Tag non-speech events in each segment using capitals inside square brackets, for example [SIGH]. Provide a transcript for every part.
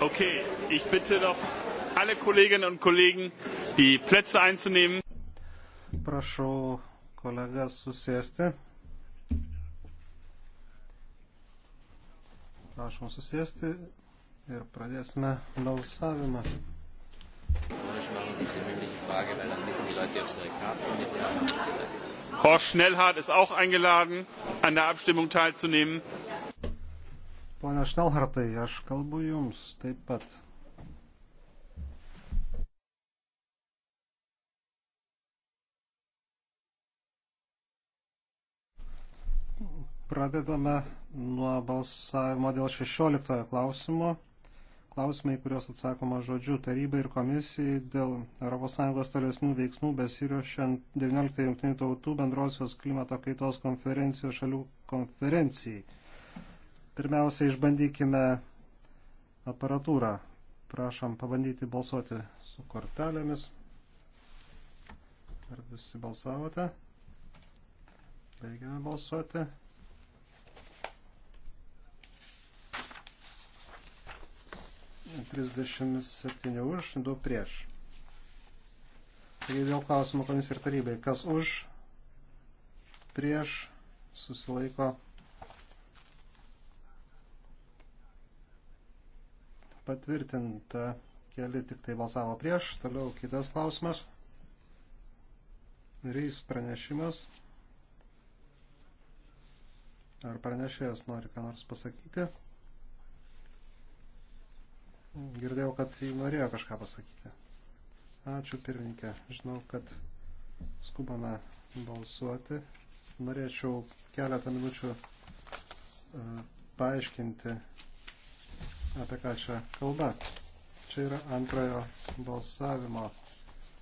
Okay, ich bitte doch alle Kolleginnen und Kollegen, die Plätze einzunehmen. Prašau kolegas susėsti. Prašom susėsti ir pradėsime balsavimą. Horst Schnellhardt ist auch eingeladen, an der Abstimmung teilzunehmen. Pone Štelhartai, aš kalbu jums taip pat. Pradedame nuo balsavimo dėl 16 klausimo. Klausimai, kuriuos atsakoma žodžiu tarybai ir komisijai dėl ES tolesnių veiksmų besiriuošiant 19 Junktinių tautų bendrosios klimato kaitos konferencijos šalių konferencijai. Pirmiausia, išbandykime aparatūrą. Prašom pabandyti balsuoti su kortelėmis. Ar visi balsavote? Baigiame balsuoti. Trisdešimt septyni už, du prieš. Taigi dėl klausimo komisijai ir tarybai. Kas už, prieš, susilaiko, patvirtinta, keli tik tai balsavo prieš. Toliau kitas klausimas. Reis pranešimas. Ar pranešėjas nori ką nors pasakyti? Girdėjau, kad jį norėjo kažką pasakyti. Ačiū pirmininkė. Žinau, kad skubame balsuoti. Norėčiau keletą minučių e, paaiškinti apie ką čia kalba. Čia yra antrojo balsavimo,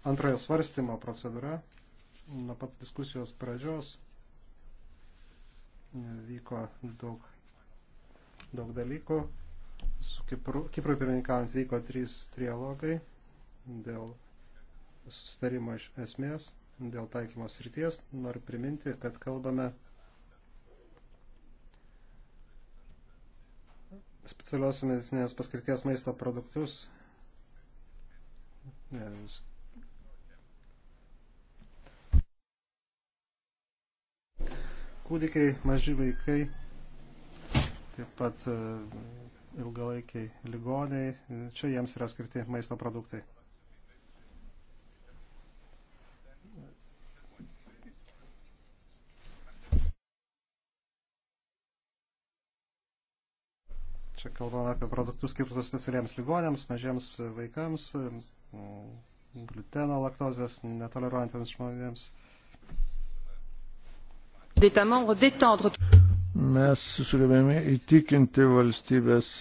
antrojo svarstymo procedūra. Nuo pat diskusijos pradžios vyko daug, daug dalykų. Su Kipru, Kiprui pirmininkaujant vyko trys trialogai dėl sustarimo iš esmės, dėl taikymos ryties. Noriu priminti, kad kalbame specialios medicinės paskirties maisto produktus. Kūdikiai, maži vaikai, taip pat e, ilgalaikiai ligoniai, čia jiems yra skirti maisto produktai. Čia kalbame apie produktus skirtus specialiems ligonėms, mažiems vaikams, gluteno, laktozės netoleruojantiems žmonėms. Mes sugebėjome įtikinti valstybės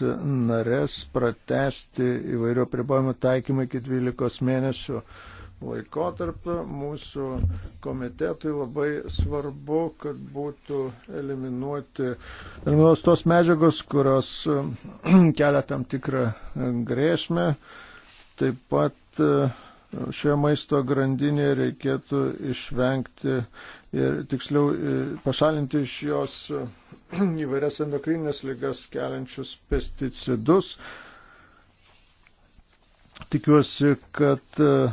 narės pratesti įvairio pribojimo taikymą iki 12 mėnesių laikotarpio mūsų komitetui labai svarbu, kad būtų eliminuoti eliminuos tos medžiagos, kurios [CLEARS THROAT] kelia tam tikrą grėsmę. Taip pat e, šioje maisto grandinėje reikėtų išvengti ir tiksliau e, pašalinti iš jos e, [CLEARS THROAT] įvairias endokrininės ligas keliančius pesticidus. Tikiuosi, kad uh,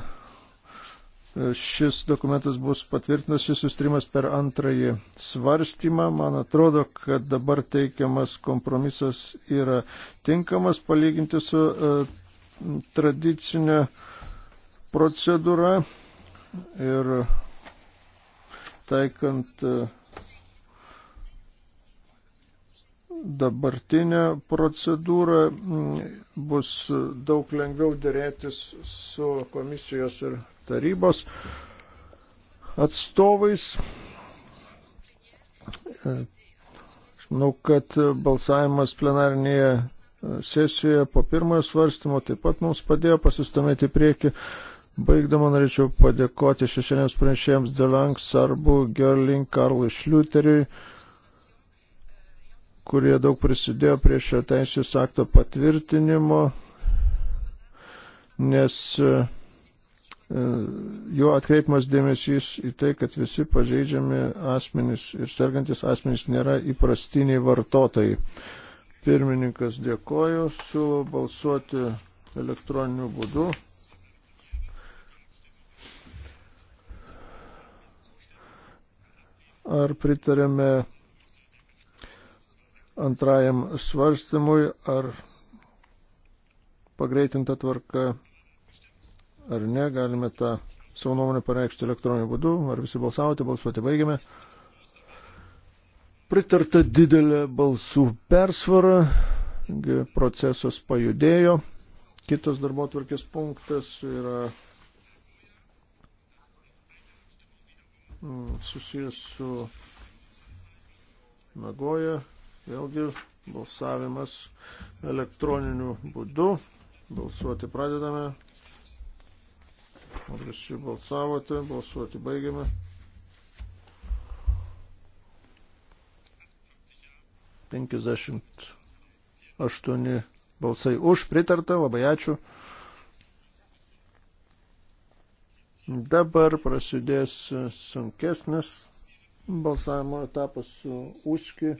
šis dokumentas bus patvirtintas, šis sustrimas per antrąjį svarstymą. Man atrodo, kad dabar teikiamas kompromisas yra tinkamas palyginti su uh, tradicinė procedūra ir taikant uh, dabartinę procedūrą mm, bus daug lengviau dėrėtis su komisijos ir tarybos atstovais. Aš e, manau, kad balsavimas plenarinėje sesijoje po pirmojo svarstymo taip pat mums padėjo pasistumėti į priekį. Baigdama norėčiau padėkoti šešėlėms pranešėjams Delank, Sarbu, Gerling, Karlui Šliuteriui kurie daug prisidėjo prie šio teisės akto patvirtinimo, nes e, jo atkreipimas dėmesys į tai, kad visi pažeidžiami asmenys ir sergantis asmenys nėra įprastiniai vartotojai. Pirmininkas dėkoju, siūlau balsuoti elektroniniu būdu. Ar pritarėme antrajam svarstymui, ar pagreitinta tvarka ar ne, galime tą savo nuomonę pareikšti elektroniniu būdu, ar visi balsavote, balsuoti baigiame. Pritarta didelė balsų persvara, procesas pajudėjo. Kitas darbo tvarkės punktas yra mm, susijęs su Nagoja Vėlgi balsavimas elektroniniu būdu. Balsuoti pradedame. Ar visi balsavote? Balsuoti baigiame. Penkiasdešimt aštuoni balsai už pritarta, labai ačiū. Dabar prasidės sunkesnis balsavimo etapas su Uski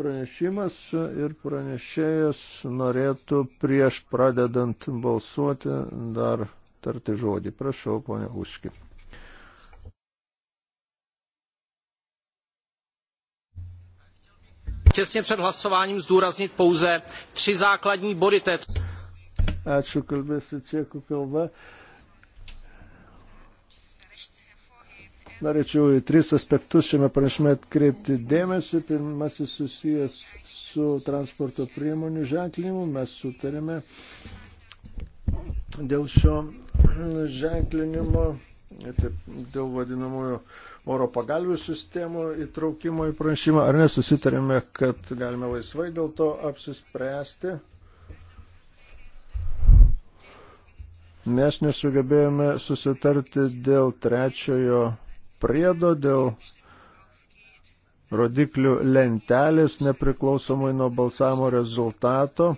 pranešimas ir pranešėjas norėtų prieš pradedant balsuoti dar tarti žodį. Prašau, ponia Uški. Těsně před hlasováním zdůraznit pouze tři základní body této. Ačiū, kalbėsiu čekų kalba. Uh, Norėčiau į tris aspektus šiame pranešime atkreipti dėmesį. Pirmasis susijęs su transporto priemonių ženklinimu. Mes sutarėme dėl šio ženklinimo, taip, dėl vadinamojo oro pagalvių sistemų įtraukimo į pranešimą. Ar nesusitarėme, kad galime laisvai dėl to apsispręsti? Mes nesugebėjome susitarti dėl trečiojo priedo dėl rodiklių lentelės nepriklausomai nuo balsavimo rezultato.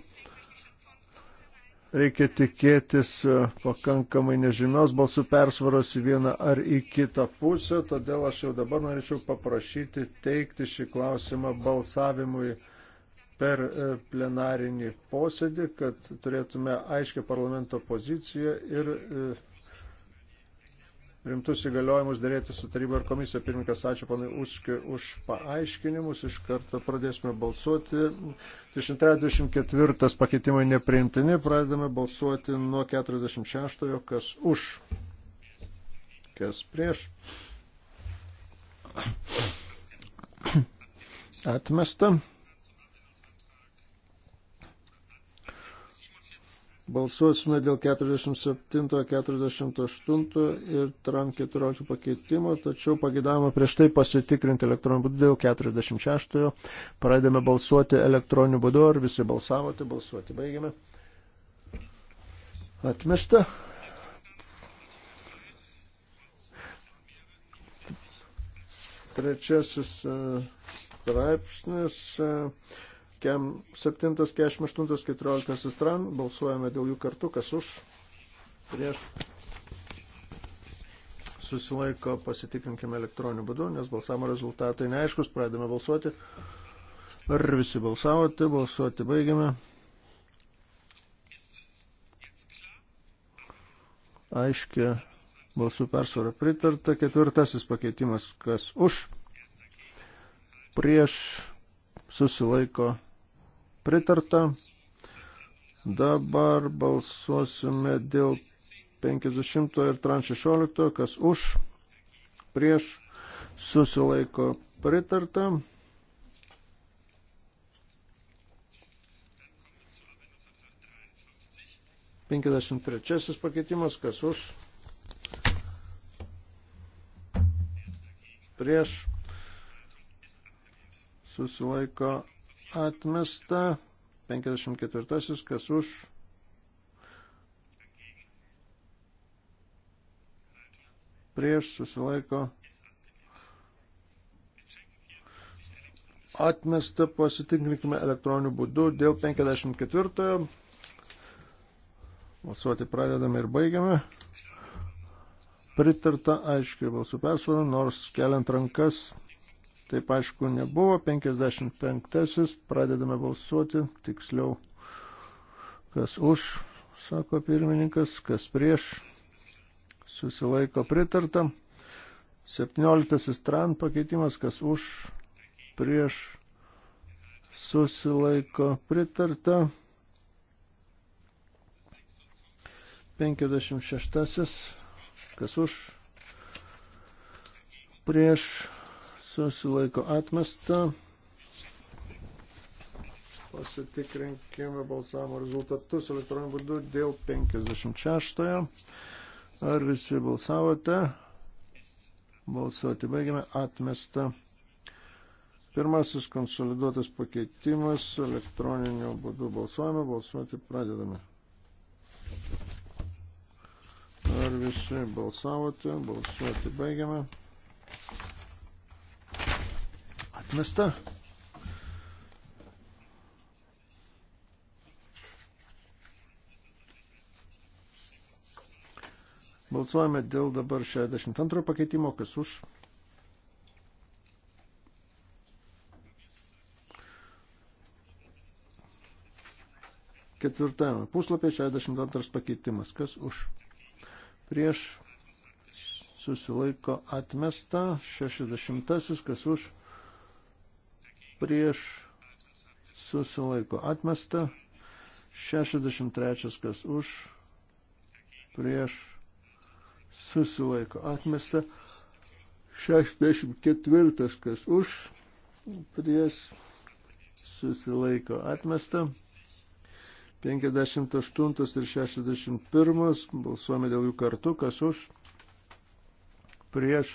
Reikia tikėtis e, pakankamai nežymios balsų persvaros į vieną ar į kitą pusę, todėl aš jau dabar norėčiau paprašyti teikti šį klausimą balsavimui per e, plenarinį posėdį, kad turėtume aiškę parlamento poziciją ir e, rimtus įgaliojimus dėrėti su taryba ir komisija. Pirmininkas, ačiū panai Uskiu už paaiškinimus. Iš karto pradėsime balsuoti. 334 pakeitimai nepriimtini. Pradedame balsuoti nuo 46, kas už, kas prieš. Atmesta. Balsuosime dėl 47, 48 ir TRAN 14 pakeitimo, tačiau pagidavome prieš tai pasitikrinti elektroniniu būdu dėl 46. Pradėme balsuoti elektroniniu būdu, ar visi balsavote, balsuoti baigiame. Atmesta. Trečiasis e, straipsnis. Uh, 7, 48, 14 stran. Balsuojame dėl jų kartu, kas už, prieš. Susilaiko, pasitikrinkime elektroniniu būdu, nes balsavimo rezultatai neaiškus. Pradėme balsuoti. Ar visi balsavote? Balsuoti baigiame. Aiškia balsų persvara pritarta. Ketvirtasis pakeitimas, kas už, prieš susilaiko pritarta. Dabar balsuosime dėl 50 ir trans 16, kas už, prieš, susilaiko pritarta. Penkiasdešimt trečiasis pakeitimas, kas už, prieš, susilaiko atmesta. 54. Kas už? Prieš susilaiko. Atmesta pasitinklinkime elektroniniu būdu dėl 54. Balsuoti pradedame ir baigiame. Pritarta aiškiai balsų persvarą, nors keliant rankas Taip aišku nebuvo. 55. Pradedame balsuoti. Tiksliau, kas už, sako pirmininkas, kas prieš. Susilaiko pritarta. 17. Tran pakeitimas, kas už, prieš. Susilaiko pritarta. 56. Kas už, prieš susilaiko atmesta. Pasitikrinkime balsavimo rezultatus elektroniniu būdu dėl 56. Ar visi balsavote? Balsuoti baigiame atmesta. Pirmasis konsoliduotas pakeitimas elektroniniu būdu balsuojame, balsuoti pradedame. Ar visi balsavote, balsuoti baigiame. Atmesta. Balsuojame dėl dabar 62 pakeitimo, kas už. Ketvirtame puslapė 62 pakeitimas, kas už. Prieš susilaiko atmesta 60, kas už prieš susilaiko atmesta, 63 kas už, prieš susilaiko atmesta, 64 kas už, prieš susilaiko atmesta. 58 ir 61 balsuojame dėl jų kartu, kas už, prieš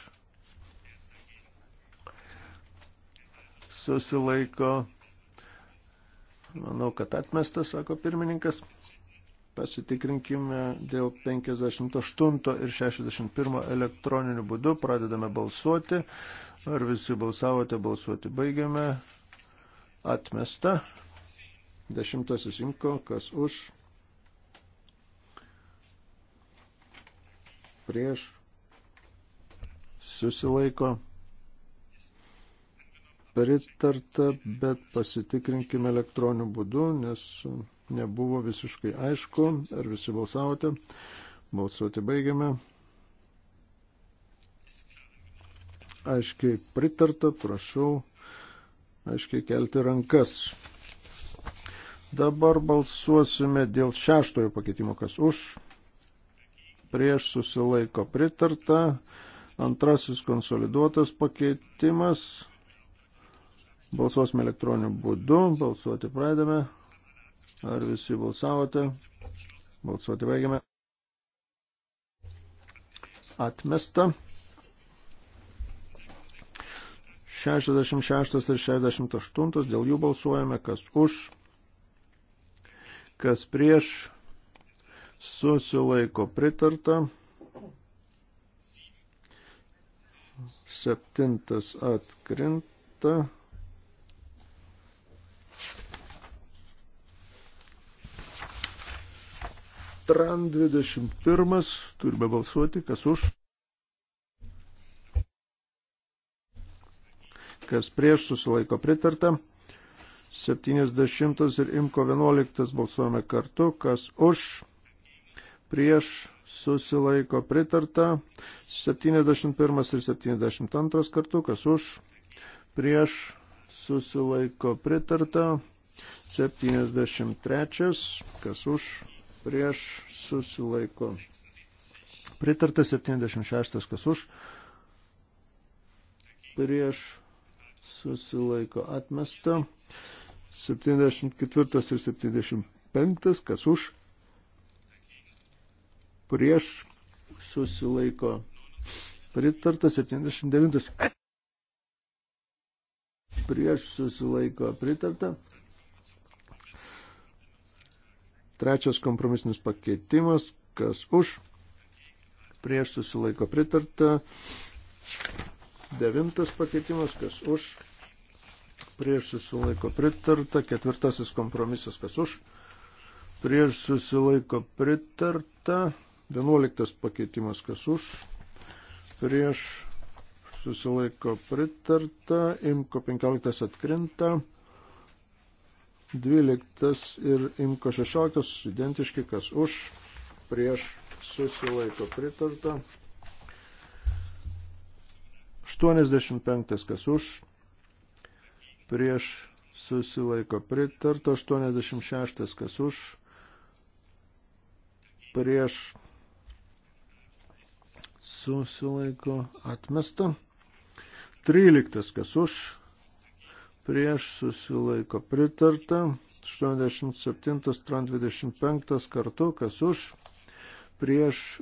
susilaiko. Manau, kad atmestas, sako pirmininkas. Pasitikrinkime dėl 58 ir 61 elektroniniu būdu. Pradedame balsuoti. Ar visi balsavote, balsuoti baigiame. Atmesta. Dešimtasis inko, kas už. Prieš. Susilaiko pritarta, bet pasitikrinkime elektroniniu būdu, nes nebuvo visiškai aišku, ar visi balsavote. Balsuoti baigiame. Aiškiai pritarta, prašau, aiškiai kelti rankas. Dabar balsuosime dėl šeštojo pakeitimo, kas už, prieš susilaiko pritarta, antrasis konsoliduotas pakeitimas, Balsuosime elektroniniu būdu. Balsuoti pradame. Ar visi balsavote? Balsuoti baigiame. Atmesta. 66 ir 68. Dėl jų balsuojame, kas už, kas prieš. Susilaiko pritarta. Septintas atkrinta. Tran 21. Turime balsuoti, kas už. Kas prieš susilaiko pritarta. 70 ir Imko 11 balsuojame kartu, kas už. Prieš susilaiko pritarta. 71 ir 72 kartu, kas už. Prieš susilaiko pritarta. 73, kas už prieš susilaiko. Pritarta 76, kas už, prieš susilaiko atmesta. 74 ir 75, kas už, prieš susilaiko. Pritarta 79. Prieš susilaiko pritarta. Trečias kompromisinis pakeitimas, kas už, prieš susilaiko pritarta. Devintas pakeitimas, kas už, prieš susilaiko pritarta. Ketvirtasis kompromisas, kas už, prieš susilaiko pritarta. Vienuoliktas pakeitimas, kas už, prieš susilaiko pritarta. Imko penkioliktas atkrinta. 12 ir imko 16 identiški, kas už, prieš susilaiko pritarta. 85 kas už, prieš susilaiko pritarta. 86 kas už, prieš susilaiko atmesta. 13 kas už, prieš susilaiko pritarta. 87, strand 25 kartu, kas už, prieš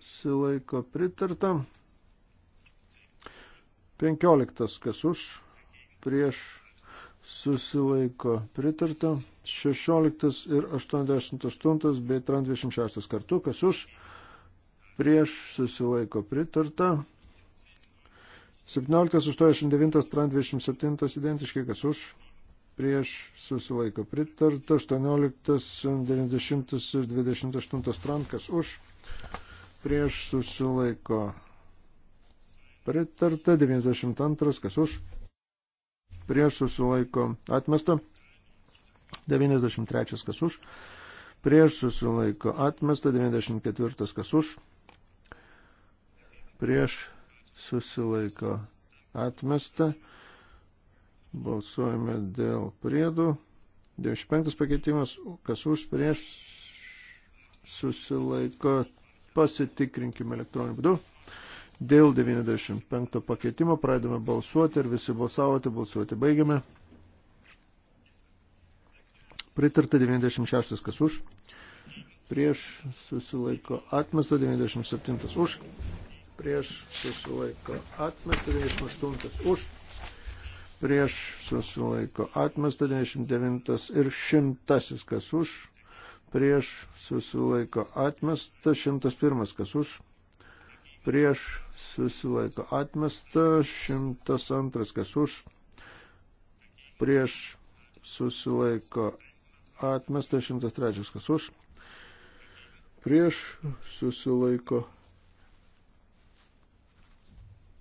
susilaiko pritarta. 15, kas už, prieš susilaiko pritarta. 16 ir 88 bei 26 kartu, kas už, prieš susilaiko pritarta. 17.89, tran 27 identiškai, kas už, prieš susilaiko pritarta, 18.90 ir 28 tran, kas už, prieš susilaiko pritarta, 92, kas už, prieš susilaiko atmesta, 93, kas už, prieš susilaiko atmesta, 94, kas už, prieš susilaiko atmesta. Balsuojame dėl priedų. 95 pakeitimas, kas už prieš susilaiko, pasitikrinkime elektroniniu būdu. Dėl 95 pakeitimo pradėme balsuoti ir visi balsavote, balsuoti baigiame. Pritarta 96 kas už, prieš susilaiko atmesta 97 už, prieš susilaiko atmestą 98 už prieš susilaiko atmestą 99 ir 100 kas už prieš susilaiko atmestą 101 kas už prieš susilaiko atmestą 102 kas už prieš susilaiko atmestą 103 kas už prieš susilaiko atmestą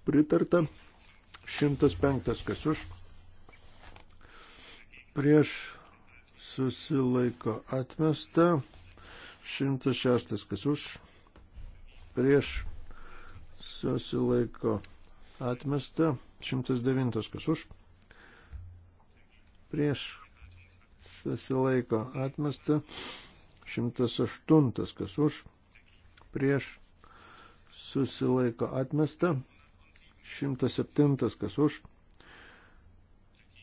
pritarta. 105 kas už. Prieš susilaiko atmesta. 106 kas už. Prieš susilaiko atmesta. 109 kas už. Prieš susilaiko atmesta. 108 kas už. Prieš susilaiko atmesta. 107 kas už,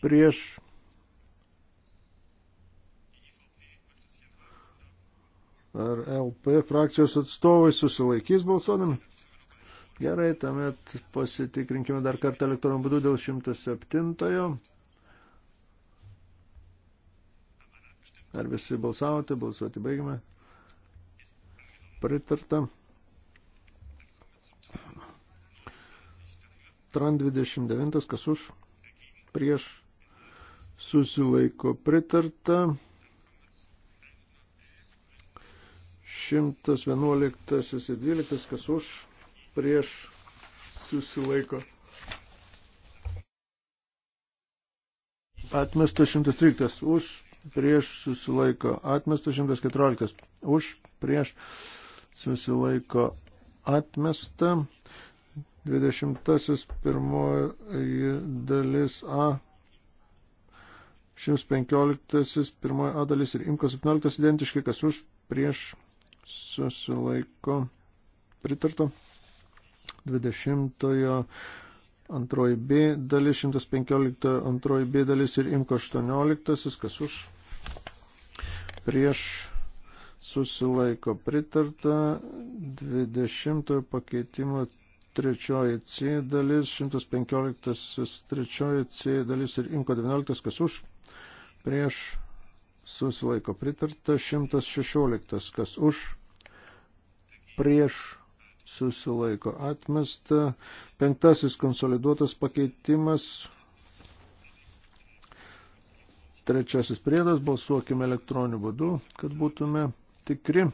prieš ar LP frakcijos atstovai susilaikys balsuodami. Gerai, tuomet pasitikrinkime dar kartą elektroniniu būdu dėl 107. Ar visi balsavote, balsuoti baigime. Pritarta. Tran 29, kas už, prieš, susilaiko pritarta. 111 ir 12, kas už, prieš, susilaiko. Atmestas 113, už, prieš, susilaiko. Atmestas 114, už, prieš, susilaiko. Atmesta 20 pirmoji dalis A, 115 pirmoji A dalis ir imko 17 identiški, kas už prieš susilaiko pritarto. 20 antroji B dalis, 115 antroji B dalis ir imko 18, kas už prieš susilaiko pritarta. 20 pakeitimo trečioji C dalis, 115 trečioji C dalis ir Imko 19, kas už, prieš susilaiko pritarta, 116, kas už, prieš susilaiko atmesta, penktasis konsoliduotas pakeitimas, trečiasis priedas, balsuokime elektroniniu būdu, kad būtume tikri.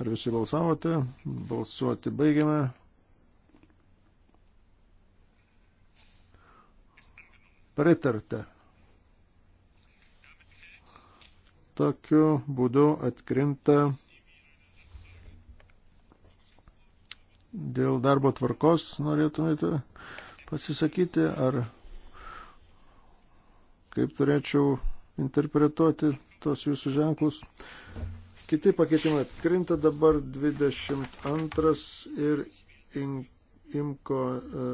Ar visi balsavote? Balsuoti baigiame. pritarta. Tokiu būdu atkrinta dėl darbo tvarkos, norėtumėte pasisakyti, ar kaip turėčiau interpretuoti tos jūsų ženklus. Kiti pakeitimai atkrinta dabar 22 ir imko. Uh,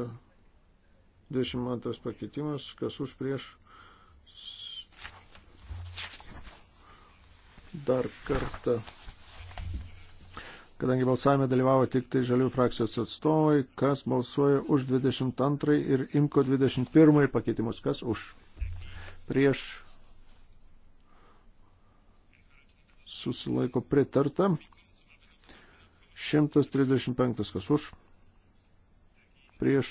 22 pakeitimas, kas už prieš. Dar kartą. Kadangi balsavime dalyvavo tik tai žalių frakcijos atstovai, kas balsuoja už 22 ir imko 21 pakeitimus, kas už prieš susilaiko pritarta. 135 kas už prieš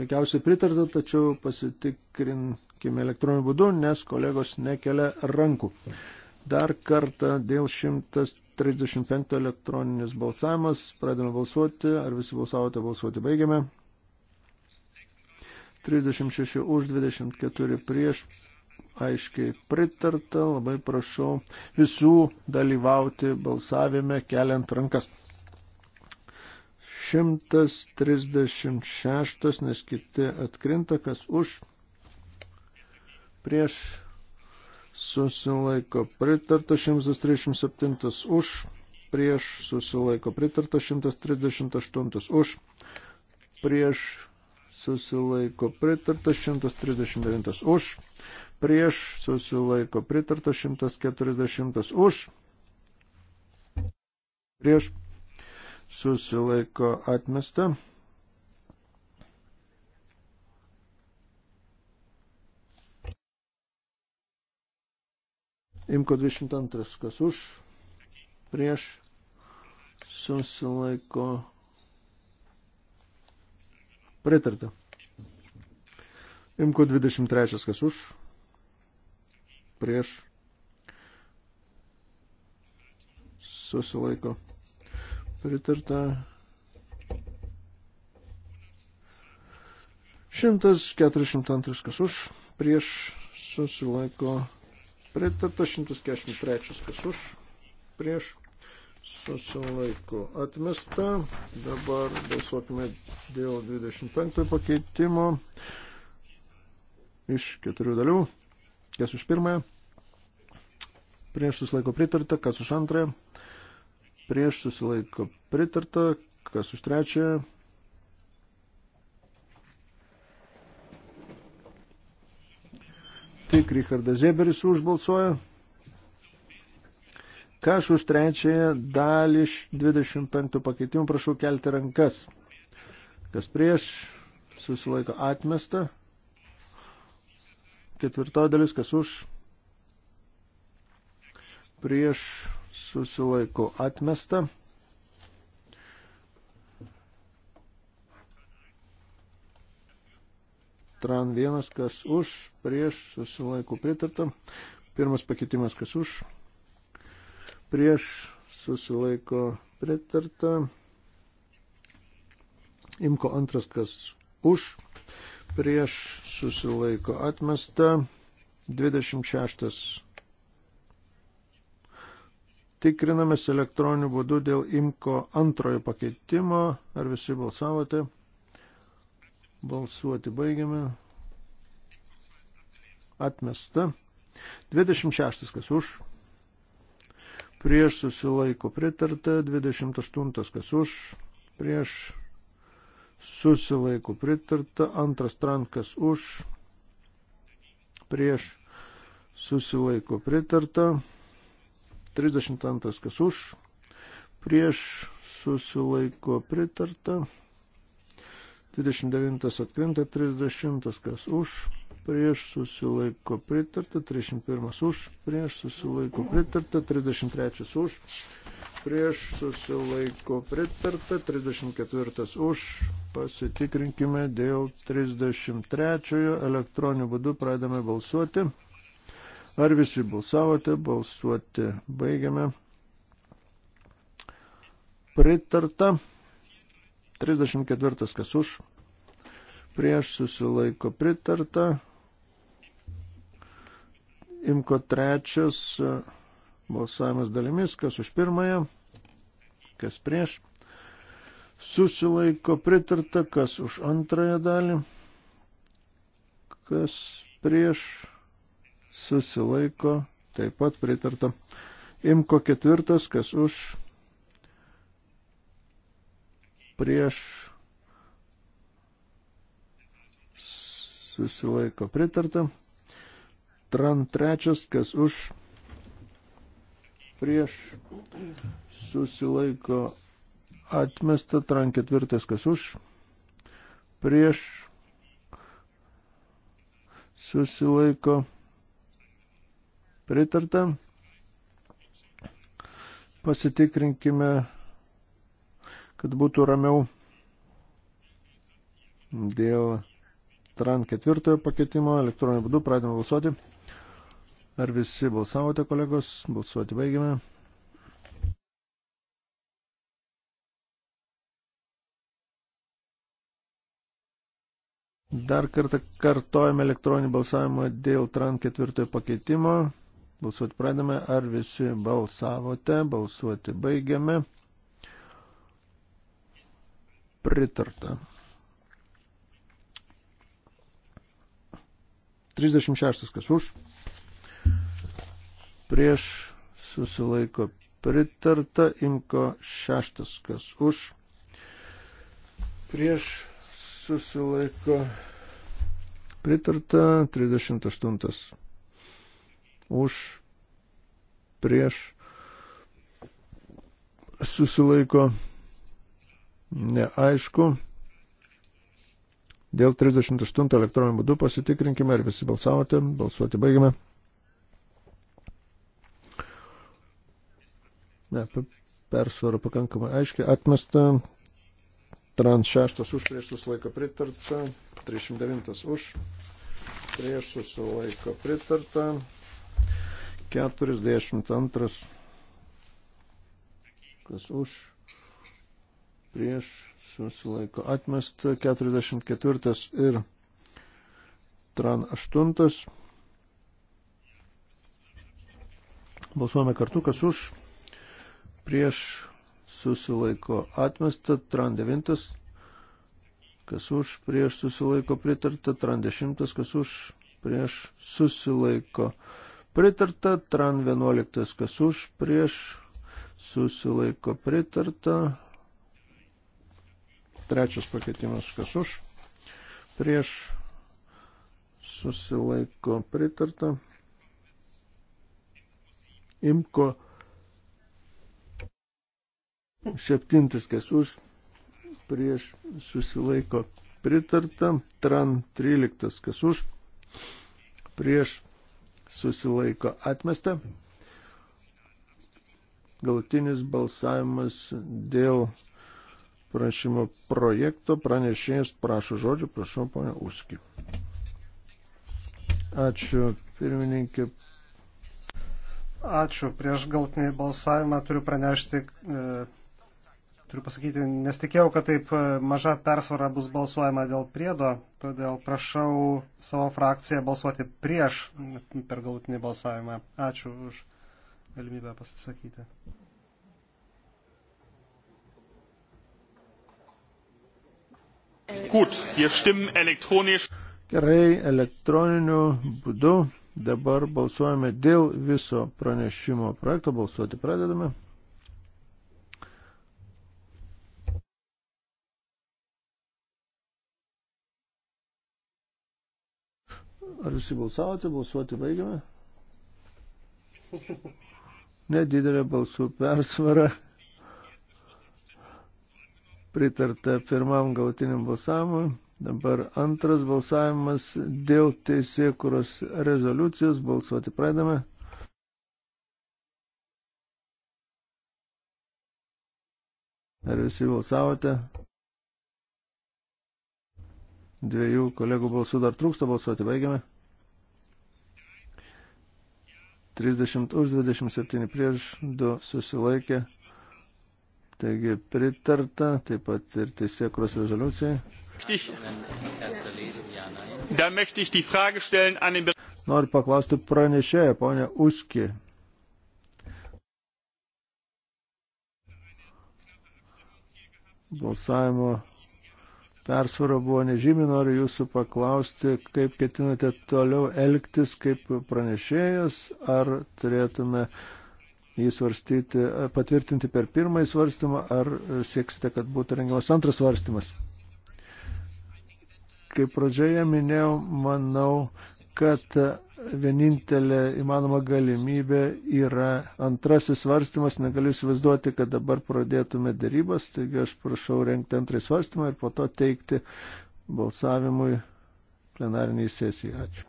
veikiausiai pritarta, tačiau pasitikrinkime elektroniniu būdu, nes kolegos nekelia rankų. Dar kartą dėl 135 elektroninis balsavimas. Pradėjome balsuoti. Ar visi balsavote? Balsuoti baigiame. 36 už 24 prieš. Aiškiai pritarta. Labai prašau visų dalyvauti balsavime keliant rankas. 136, nes kiti atkrinta, kas už, prieš susilaiko pritarta, 137 už, prieš susilaiko pritarta, 138 už, prieš susilaiko pritarta, 139 už, prieš susilaiko pritarta, 140 už, prieš susilaiko atmesta. Imko 22, kas už, prieš, susilaiko, pritarta. Imko 23, kas už, prieš, susilaiko, pritarta pritarta 142, kas už, prieš susilaiko pritarta 143, kas už, prieš susilaiko atmesta. Dabar balsuokime dėl 25 pakeitimo iš keturių dalių. Kas už pirmąją? Prieš susilaiko pritarta, kas už antrąją? prieš susilaiko pritarta, kas už trečiąją. Tik Richardas Zeberis užbalsuoja. Kaž už trečiąją dalį 25 pakeitimų prašau kelti rankas. Kas prieš susilaiko atmesta. Ketvirtoji dalis, kas už prieš susilaiko atmesta. Tran vienas, kas už, prieš, susilaiko pritarta. Pirmas pakeitimas, kas už, prieš, susilaiko pritarta. Imko antras, kas už, prieš, susilaiko atmesta. 26 Tikrinamės elektroniniu būdu dėl imko antrojo pakeitimo. Ar visi balsavote? Balsuoti baigiame. Atmesta. 26. Kas už? Prieš susilaiko pritarta. 28. Kas už? Prieš susilaiko pritarta. Antras trankas už. Prieš susilaiko pritarta. 32 kas už, prieš susilaiko pritarta, 29 atkrinta, 30 kas už, prieš susilaiko pritarta, 31 už, prieš susilaiko pritarta, 33 už, prieš susilaiko pritarta, 34 už, pasitikrinkime dėl 33 elektroniniu būdu pradame balsuoti. Ar visi balsavote? Balsuoti baigiame. Pritarta. 34 kas už. Prieš susilaiko pritarta. Imko trečias balsavimas dalimis, kas už pirmąją, kas prieš. Susilaiko pritarta, kas už antrąją dalį, kas prieš susilaiko, taip pat pritarta. Imko ketvirtas, kas už, prieš, susilaiko, pritarta. Tran trečias, kas už, prieš, susilaiko, atmesta. Tran ketvirtas, kas už, prieš, susilaiko, pritarta susilaiko Pritarta. Pasitikrinkime, kad būtų ramiau dėl TRAN ketvirtojo pakeitimo elektroniniu būdu pradėme balsuoti. Ar visi balsavote, kolegos? Balsuoti baigiame. Dar kartą kartojame elektroninį balsavimą dėl TRAN ketvirtojo pakeitimo. Balsuoti pradame, ar visi balsavote, balsuoti baigiame. Pritarta. 36 kas už. Prieš susilaiko pritarta, imko 6 kas už. Prieš susilaiko pritarta, 38 už prieš susilaiko neaišku. Dėl 38 elektroninių būdų pasitikrinkime, ar visi balsavote, balsuoti baigime. Ne, persvara pakankamai aiškiai atmesta. Trans 6 už prieš susilaiko pritarta, 309 už prieš susilaiko pritarta, 42. Kas už? Prieš susilaiko atmesta. 44 ir tran 8. Balsuojame kartu, kas už. Prieš susilaiko atmesta. Tran 9. Kas už. Prieš susilaiko pritarta. Tran 10. Kas už. Prieš susilaiko atmesta pritarta, tran 11 kas už, prieš, susilaiko pritarta, trečias pakeitimas kas už, prieš, susilaiko pritarta, imko septintas kas už, prieš, susilaiko pritarta, tran 13 kas už, prieš, susilaiko atmesta. Galutinis balsavimas dėl prašymo projekto pranešėjas prašo žodžių, prašau, ponia Uski. Ačiū, pirmininkė. Ačiū. Prieš galtinį balsavimą turiu pranešti e, Turiu pasakyti, nesitikėjau, kad taip e, maža persvara bus balsuojama dėl priedo, todėl prašau savo frakciją balsuoti prieš per galutinį balsavimą. Ačiū už galimybę pasisakyti. Gut, wir stimmen elektronisch. Gerai, elektroniniu būdu dabar balsuojame dėl viso pranešimo projekto. Balsuoti pradedame. Ar visi balsavote? Balsuoti baigiame. Nedidelė balsų persvara. Pritarta pirmam galutiniam balsavimui. Dabar antras balsavimas dėl teisėkuros rezoliucijos. Balsuoti pradame. Ar visi balsavote? Dviejų kolegų balsų dar trūksta balsuoti. Baigiame. 30 už, 27 prieš, 2 susilaikė. Taigi pritarta, taip pat ir teisėkros rezoliucijai. Noriu paklausti pranešėją, ponė Uski. Balsavimo persvara buvo nežymi, noriu jūsų paklausti, kaip ketinate toliau elgtis kaip pranešėjas, ar turėtume jį svarstyti, patvirtinti per pirmąjį svarstymą, ar sieksite, kad būtų rengiamas antras svarstymas. Kaip pradžioje minėjau, manau, kad vienintelė įmanoma galimybė yra antrasis svarstymas. Negaliu įsivaizduoti, kad dabar pradėtume darybas, taigi aš prašau renkti antrąjį svarstymą ir po to teikti balsavimui plenariniai sesijai. Ačiū.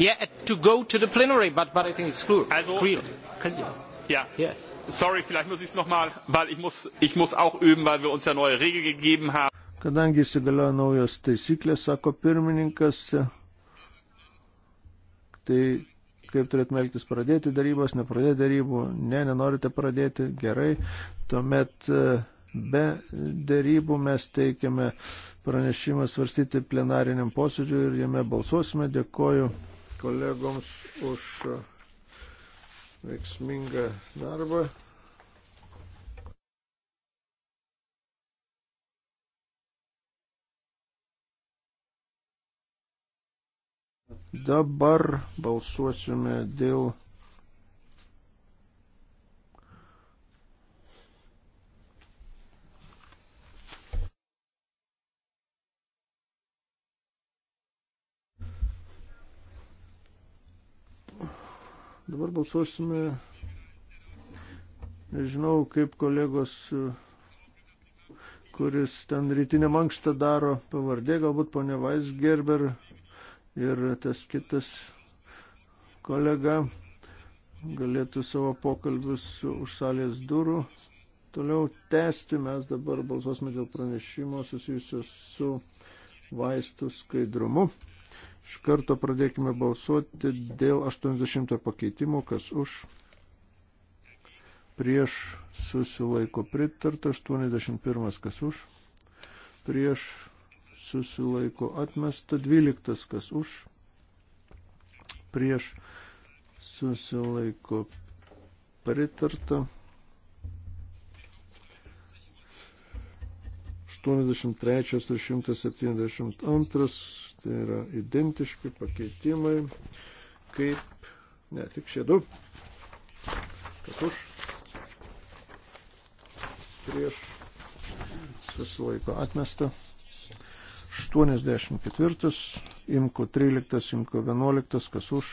Yeah, to go to the plenary, but, but I think it's clear. Also, clear. clear. Yeah. Yeah. Sorry, vielleicht muss ich es nochmal, weil ich muss, ich muss auch üben, weil wir uns ja neue Regeln gegeben haben. Kadangi įsigalioja naujos taisyklės, sako pirmininkas, Tai kaip turėtume elgtis, pradėti darybos, nepradėti darybų, ne, nenorite pradėti, gerai, tuomet e, be darybų mes teikiame pranešimą svarstyti plenariniam posėdžiui ir jame balsuosime. Dėkoju kolegoms už e, veiksmingą darbą. Dabar balsuosime dėl Dabar balsuosime, nežinau, kaip kolegos, kuris ten rytinę mankštą daro pavardė, galbūt ponia Weisgerber ir tas kitas kolega galėtų savo pokalbius už salės durų toliau tęsti. Mes dabar balsuosime dėl pranešimo susijusios su vaistų skaidrumu. Iš karto pradėkime balsuoti dėl 80 pakeitimo, kas už prieš susilaiko pritarta, 81 kas už prieš susilaiko atmesta, 12 kas už, prieš susilaiko pritarta, 83 ir 172, tai yra identiški pakeitimai, kaip, ne, tik šie du, kas už, prieš susilaiko atmesta. 84, imko 13, imko 11, kas už,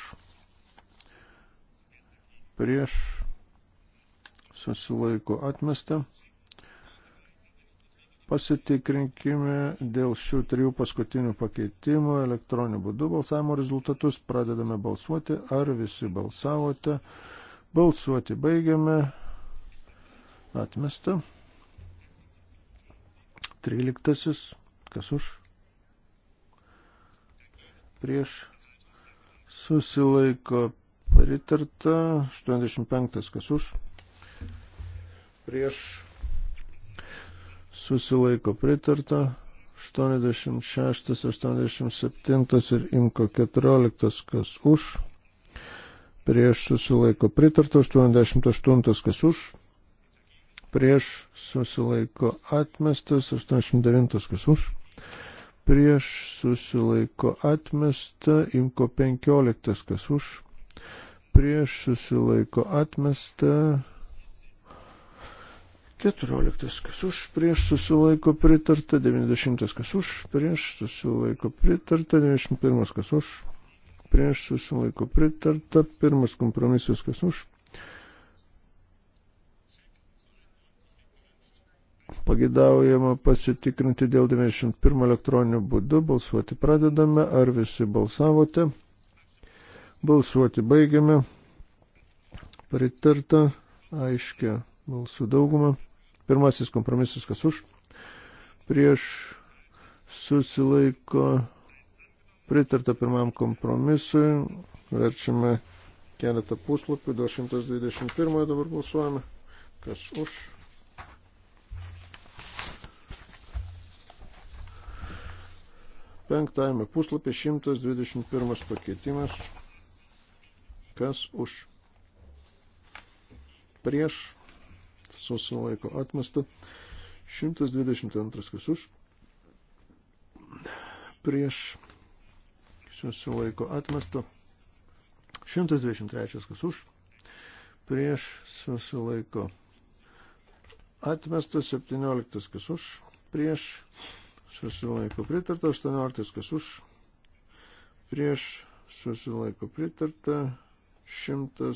prieš, susilaiko atmesta. Pasitikrinkime dėl šių trijų paskutinių pakeitimų elektroniniu būdu balsavimo rezultatus. Pradedame balsuoti, ar visi balsavote. Balsuoti baigiame. Atmesta. Tryliktasis. Kas už? prieš susilaiko pritarta, 85 kas už, prieš susilaiko pritarta, 86, 87 ir imko 14 kas už, prieš susilaiko pritarta, 88 kas už, prieš susilaiko atmestas, 89 kas už prieš susilaiko atmesta, imko 15, kas už, prieš susilaiko atmesta, 14, kas už, prieš susilaiko pritarta, 90, kas už, prieš susilaiko pritarta, 91, kas už, prieš susilaiko pritarta, pirmas kompromisas, kas už, Pagidaujama pasitikrinti dėl 91 elektroninių būdų. Balsuoti pradedame. Ar visi balsavote? Balsuoti baigiame. Pritarta aiškia balsų dauguma. Pirmasis kompromisas kas už. Prieš susilaiko pritarta pirmam kompromisui. Verčiame keletą puslapių. 221 dabar balsuojame. Kas už? Penktajame puslapį 121 pakeitimas. Kas už? Prieš. Susilaiko atmesta. 122 kas už. Prieš. Susilaiko atmesta. 123 kas už. Prieš. Susilaiko atmesta. 17 kas už. Prieš susilaiko pritarta, 18 kas už, prieš susilaiko pritarta, 100.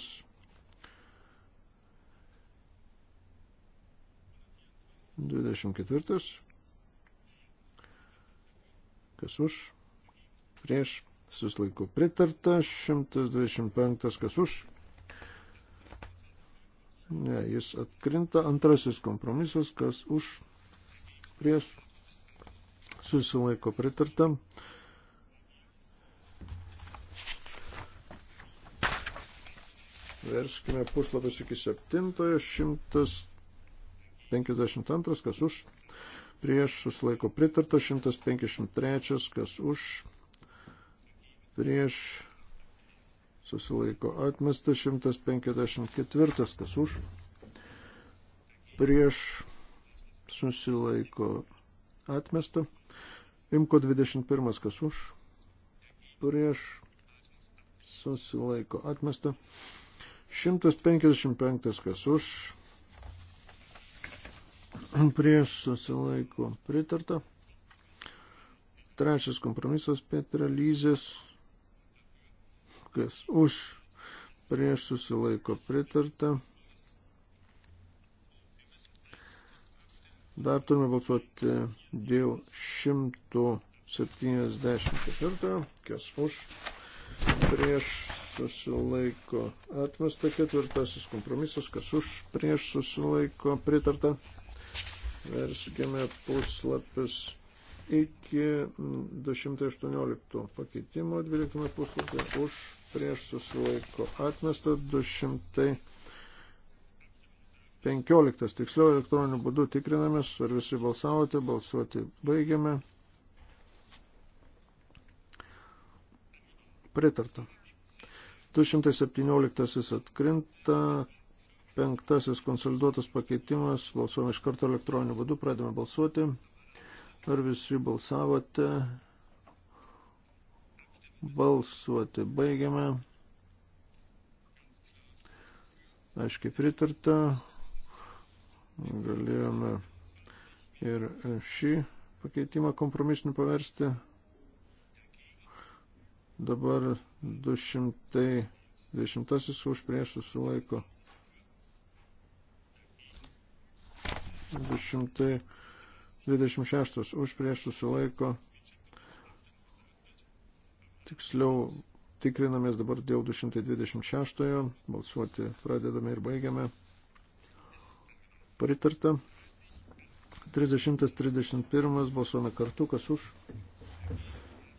Dvidešimt ketvirtas. Kas už? Prieš. Suslaiko pritarta. 125. Kas už? Ne, jis atkrinta. Antrasis kompromisas. Kas už? Prieš susilaiko pritarta. Verskime puslapius iki 7, 152, kas už, prieš susilaiko pritarta, 153, kas už, prieš susilaiko atmesta, 154, kas už, prieš susilaiko atmesta, Imko 21, kas už, prieš, susilaiko, atmesta. 155, kas už, prieš, susilaiko, pritarta. Trečias kompromisas, Petra Lyzės, kas už, prieš, susilaiko, pritarta. Dar turime balsuoti dėl 174, kas už prieš susilaiko atmesta ketvirtasis kompromisas, kas už prieš susilaiko pritarta. Verskime puslapis iki 218 pakeitimo 12 puslapį už prieš susilaiko atmesta 200. 15. Tiksliau elektroniniu būdu tikrinamės, ar visi balsavote, balsuoti baigiame. Pritarta. 217 atkrinta, penktasis konsoliduotas pakeitimas, balsuojame iš karto elektroniniu būdu, pradėme balsuoti. Ar visi balsavote? Balsuoti baigiame. Aiškiai pritarta galėjome ir šį pakeitimą kompromisinį paversti. Dabar 210 už prieš susilaiko. 226 už prieš susilaiko. Tiksliau tikrinamės dabar dėl 226. Balsuoti pradedame ir baigiame. Pritarta. 30-31 balsuojame kartu, kas už.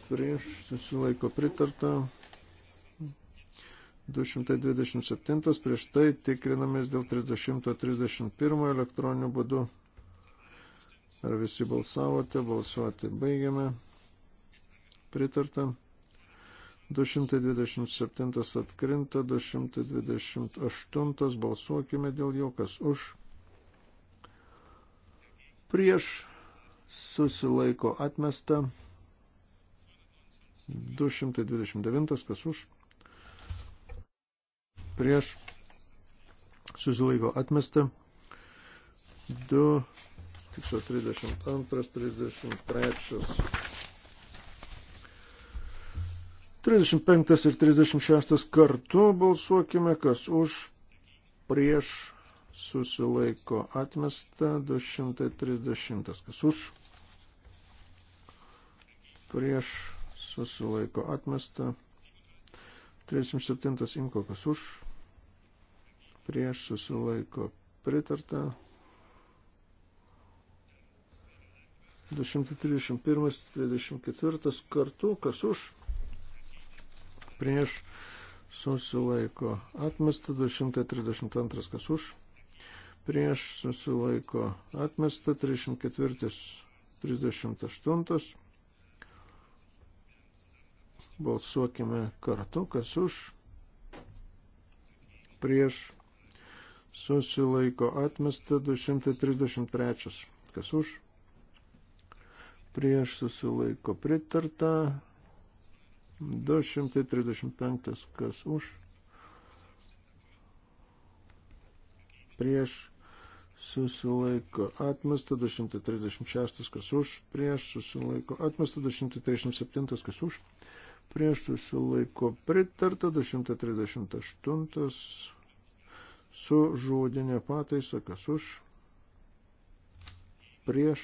Prieš susilaiko pritarta. 227 prieš tai tikrinamės dėl 30-31 elektroniniu būdu. Ar visi balsavote? Balsuoti baigiame. Pritarta. 227 atkrinta, 228 balsuokime dėl jo, kas už prieš susilaiko atmesta 229, kas už, prieš susilaiko atmesta 2, tiksliau 32, 33, 35 ir 36 kartu balsuokime, kas už, prieš susilaiko atmesta 230, kas už, prieš susilaiko atmesta 37 imko, kas už, prieš susilaiko pritarta 231-34 kartų, kas už, prieš susilaiko atmesta 232, kas už prieš susilaiko atmesta 34, 38. Balsuokime kartu, kas už, prieš susilaiko atmesta 233, kas už, prieš susilaiko pritarta 235, kas už, prieš susilaiko atmesta 236, kas už, prieš susilaiko atmesta 237, kas už, prieš susilaiko pritarta 238 su žodinė pataisa, kas už, prieš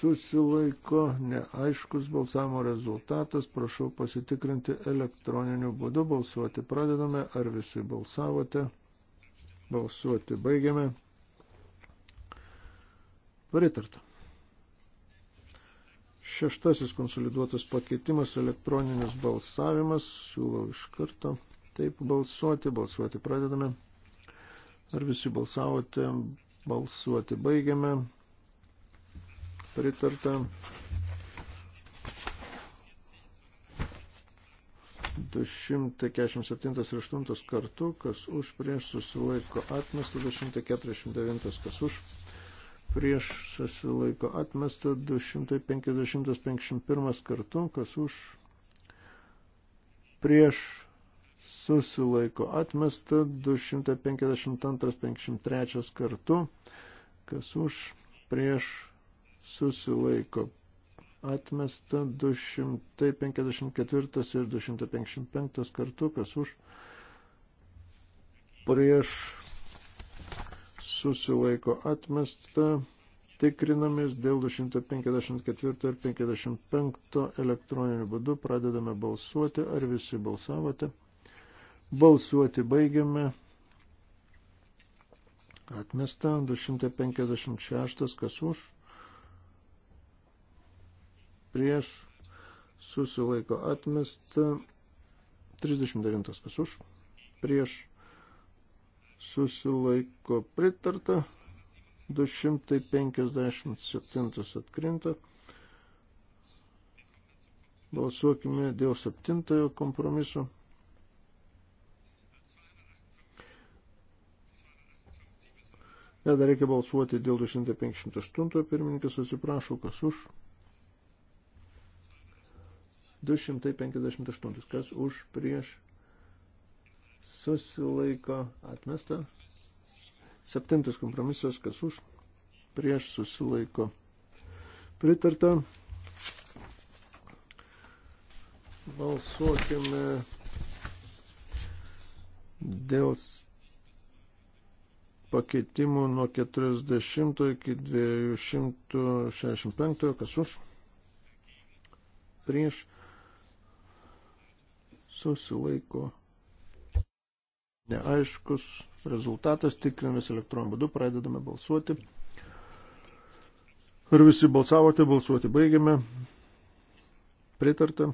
susilaiko neaiškus balsavimo rezultatas, prašau pasitikrinti elektroniniu būdu, balsuoti pradedame, ar visi balsavote. Balsuoti baigiame. Pritarta. Šeštasis konsoliduotas pakeitimas - elektroninis balsavimas. Siūlau iš karto taip balsuoti. Balsuoti pradedame. Ar visi balsavote? Balsuoti baigiame. Pritarta. 247 ir 8 kartu, kas už prieš susilaiko atmesta, 249 kas už prieš susilaiko atmesta, 250-51 kartu, kas už prieš susilaiko atmesta, 252-53 kartu, kas už prieš susilaiko atmesta 254 ir 255 kartu, kas už prieš susilaiko atmesta. Tikrinamės dėl 254 ir 55 elektroninių būdų. Pradedame balsuoti. Ar visi balsavote? Balsuoti baigiame. Atmesta 256, kas už prieš susilaiko atmesta. 39 kas už prieš susilaiko pritarta. 257 atkrinta. Balsuokime dėl septintojo kompromiso. Ne, dar reikia balsuoti dėl 258 pirmininkas atsiprašau, kas už. 258. Kas už prieš susilaiko atmesta. Septintas kompromisas. Kas už prieš susilaiko pritarta. Balsuokime dėl pakeitimų nuo 40 iki 265, kas už, prieš, susilaiko neaiškus rezultatas, tikrinamės elektroniniu būdu, pradedame balsuoti. Ar visi balsavote, balsuoti baigiame. Pritarta.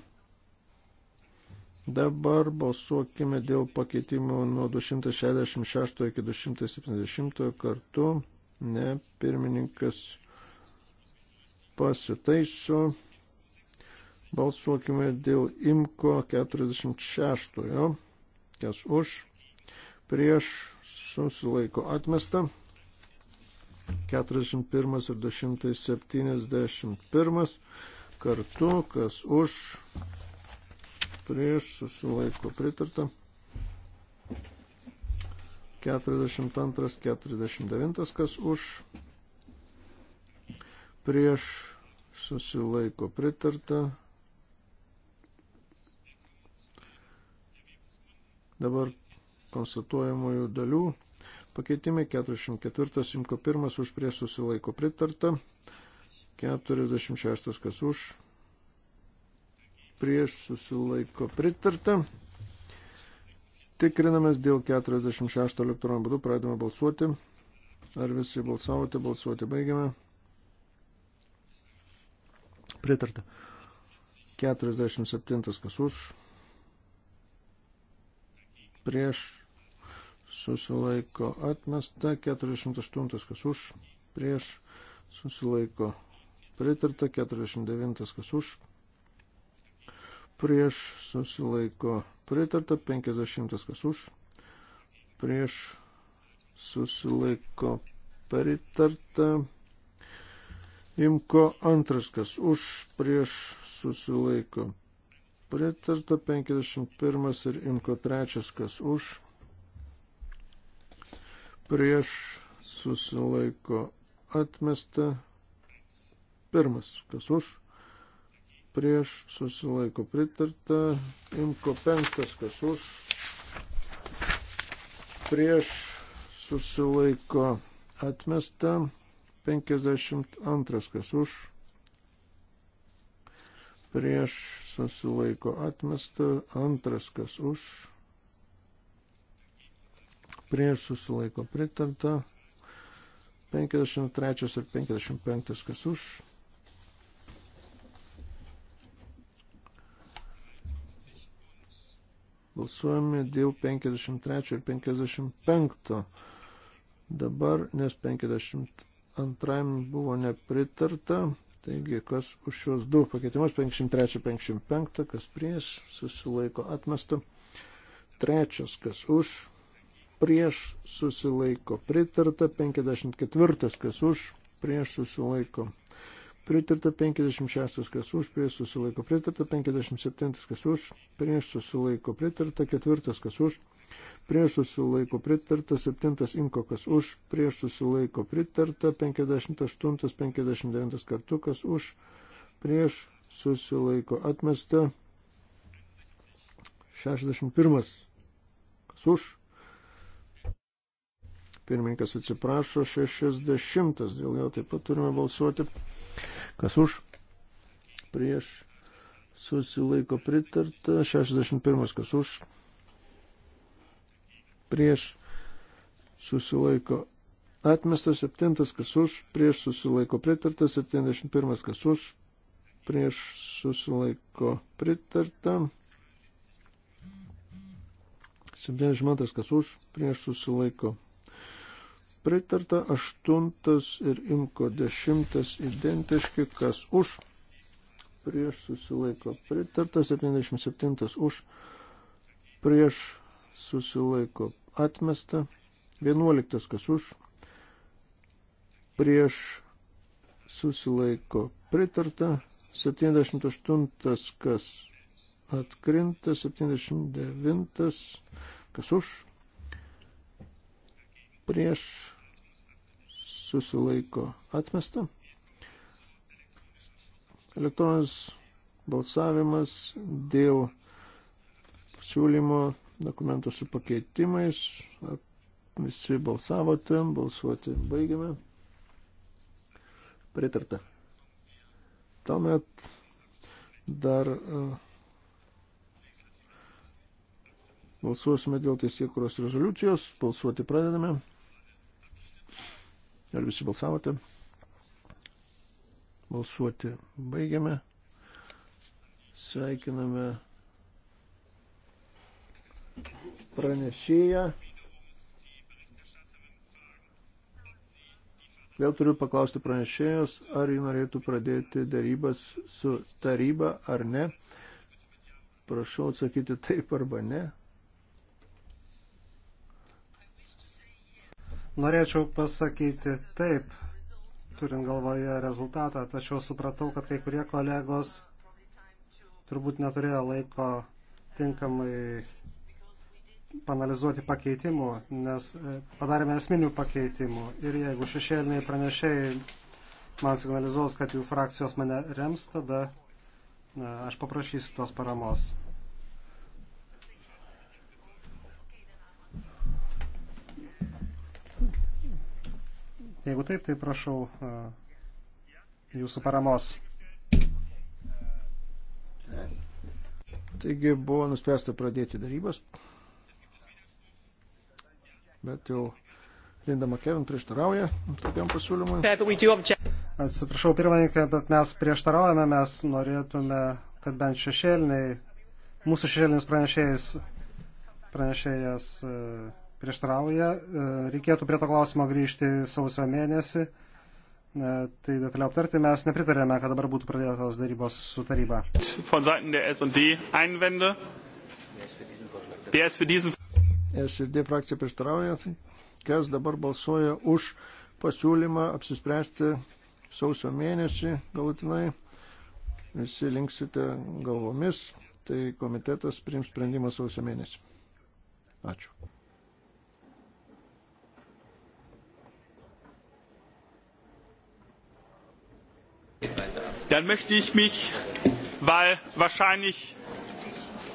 Dabar balsuokime dėl pakeitimų nuo 266 iki 270 kartu. Ne, pirmininkas pasitaiso. Balsuokime dėl imko 46. Kas už, prieš, susilaiko atmesta. 41 ir 271 kartu, kas už, prieš, susilaiko pritarta. 42, 49, kas už, prieš, susilaiko pritarta. Dabar konstatuojamųjų dalių pakeitimai 44, imko 1 už prie susilaiko pritarta, 46 kas už prieš susilaiko pritarta. Tikrinamės dėl 46 elektronų būdų, pradėme balsuoti. Ar visi balsavote, balsuoti baigiame. Pritarta. 47 kas už prieš susilaiko atmesta, 48 kas už, prieš susilaiko pritarta, 49 kas už, prieš susilaiko pritarta, 50 kas už, prieš susilaiko pritarta, imko antras kas už, prieš susilaiko pritarta pritarta 51 ir imko 3, kas už, prieš susilaiko atmesta, pirmas, kas už, prieš susilaiko pritarta, imko 5, kas už, prieš susilaiko atmesta, 52, kas už prieš susilaiko atmesta, antras kas už, prieš susilaiko pritarta, 53 ir 55 kas už. Balsuojame dėl 53 ir 55. Dabar, nes 52 buvo nepritarta, Taigi, kas už šios du pakeitimus, 53-55, kas prieš, susilaiko atmesta. Trečias, kas už, prieš, susilaiko pritarta. 54, kas už, prieš, susilaiko pritarta. 56, kas už, prieš, susilaiko pritarta. 57, kas už, prieš, susilaiko pritarta. Ketvirtas, kas už, prieš susilaiko pritarta, 7 imkokas už, prieš susilaiko pritarta, 58, 59 kartukas už, prieš susilaiko atmesta, 61 kas už. Pirmininkas atsiprašo, 60, dėl jo taip pat turime balsuoti. Kas už? Prieš susilaiko pritarta, 61 kas už prieš susilaiko atmestas, 7 kas už, prieš susilaiko pritartas, 71 kas už, prieš susilaiko pritarta, 72 kas už, prieš susilaiko pritarta, 8 ir imko 10 identiški, kas už, prieš susilaiko pritarta, 77 už, prieš susilaiko pritarta atmesta. 11 kas už, prieš susilaiko pritarta. 78 kas atkrinta. 79 kas už, prieš susilaiko atmesta. Elektroninis balsavimas dėl siūlymo dokumento su pakeitimais. Visi balsavote, balsuoti baigiame. Pritarta. Tuomet dar e, balsuosime dėl teisėkuros rezoliucijos. Balsuoti pradedame. Ar visi balsavote? Balsuoti baigiame. Sveikiname pranešėją. Vėl turiu paklausti pranešėjos, ar jį norėtų pradėti darybas su taryba ar ne. Prašau atsakyti taip arba ne. Norėčiau pasakyti taip, turint galvoje rezultatą, tačiau supratau, kad kai kurie kolegos turbūt neturėjo laiko tinkamai panalizuoti pakeitimų, nes e, padarėme esminių pakeitimų. Ir jeigu šešėliniai pranešėjai man signalizuos, kad jų frakcijos mane rems, tada aš paprašysiu tos paramos. Jeigu taip, tai prašau e, jūsų paramos. Taigi buvo nuspręsta pradėti darybas bet jau Linda McKevin prieštarauja tokiam pasiūlymui. Atsiprašau, pirmininkė, bet mes prieštaraujame, mes norėtume, kad bent šešėliniai, mūsų šešėlinis pranešėjas, pranešėjas e, prieštarauja. E, reikėtų prie to klausimo grįžti sausio mėnesį. E, tai detaliau aptarti mes nepritarėme, kad dabar būtų pradėtos darybos su taryba. Von Seiten der SD einwende. Der ist für diesen SRD frakcija prieštarauja, tai kas dabar balsuoja už pasiūlymą apsispręsti sausio mėnesį galutinai, visi linksite galvomis, tai komitetas priims sprendimą sausio mėnesį. Ačiū. Dann möchte ich mich, weil wahrscheinlich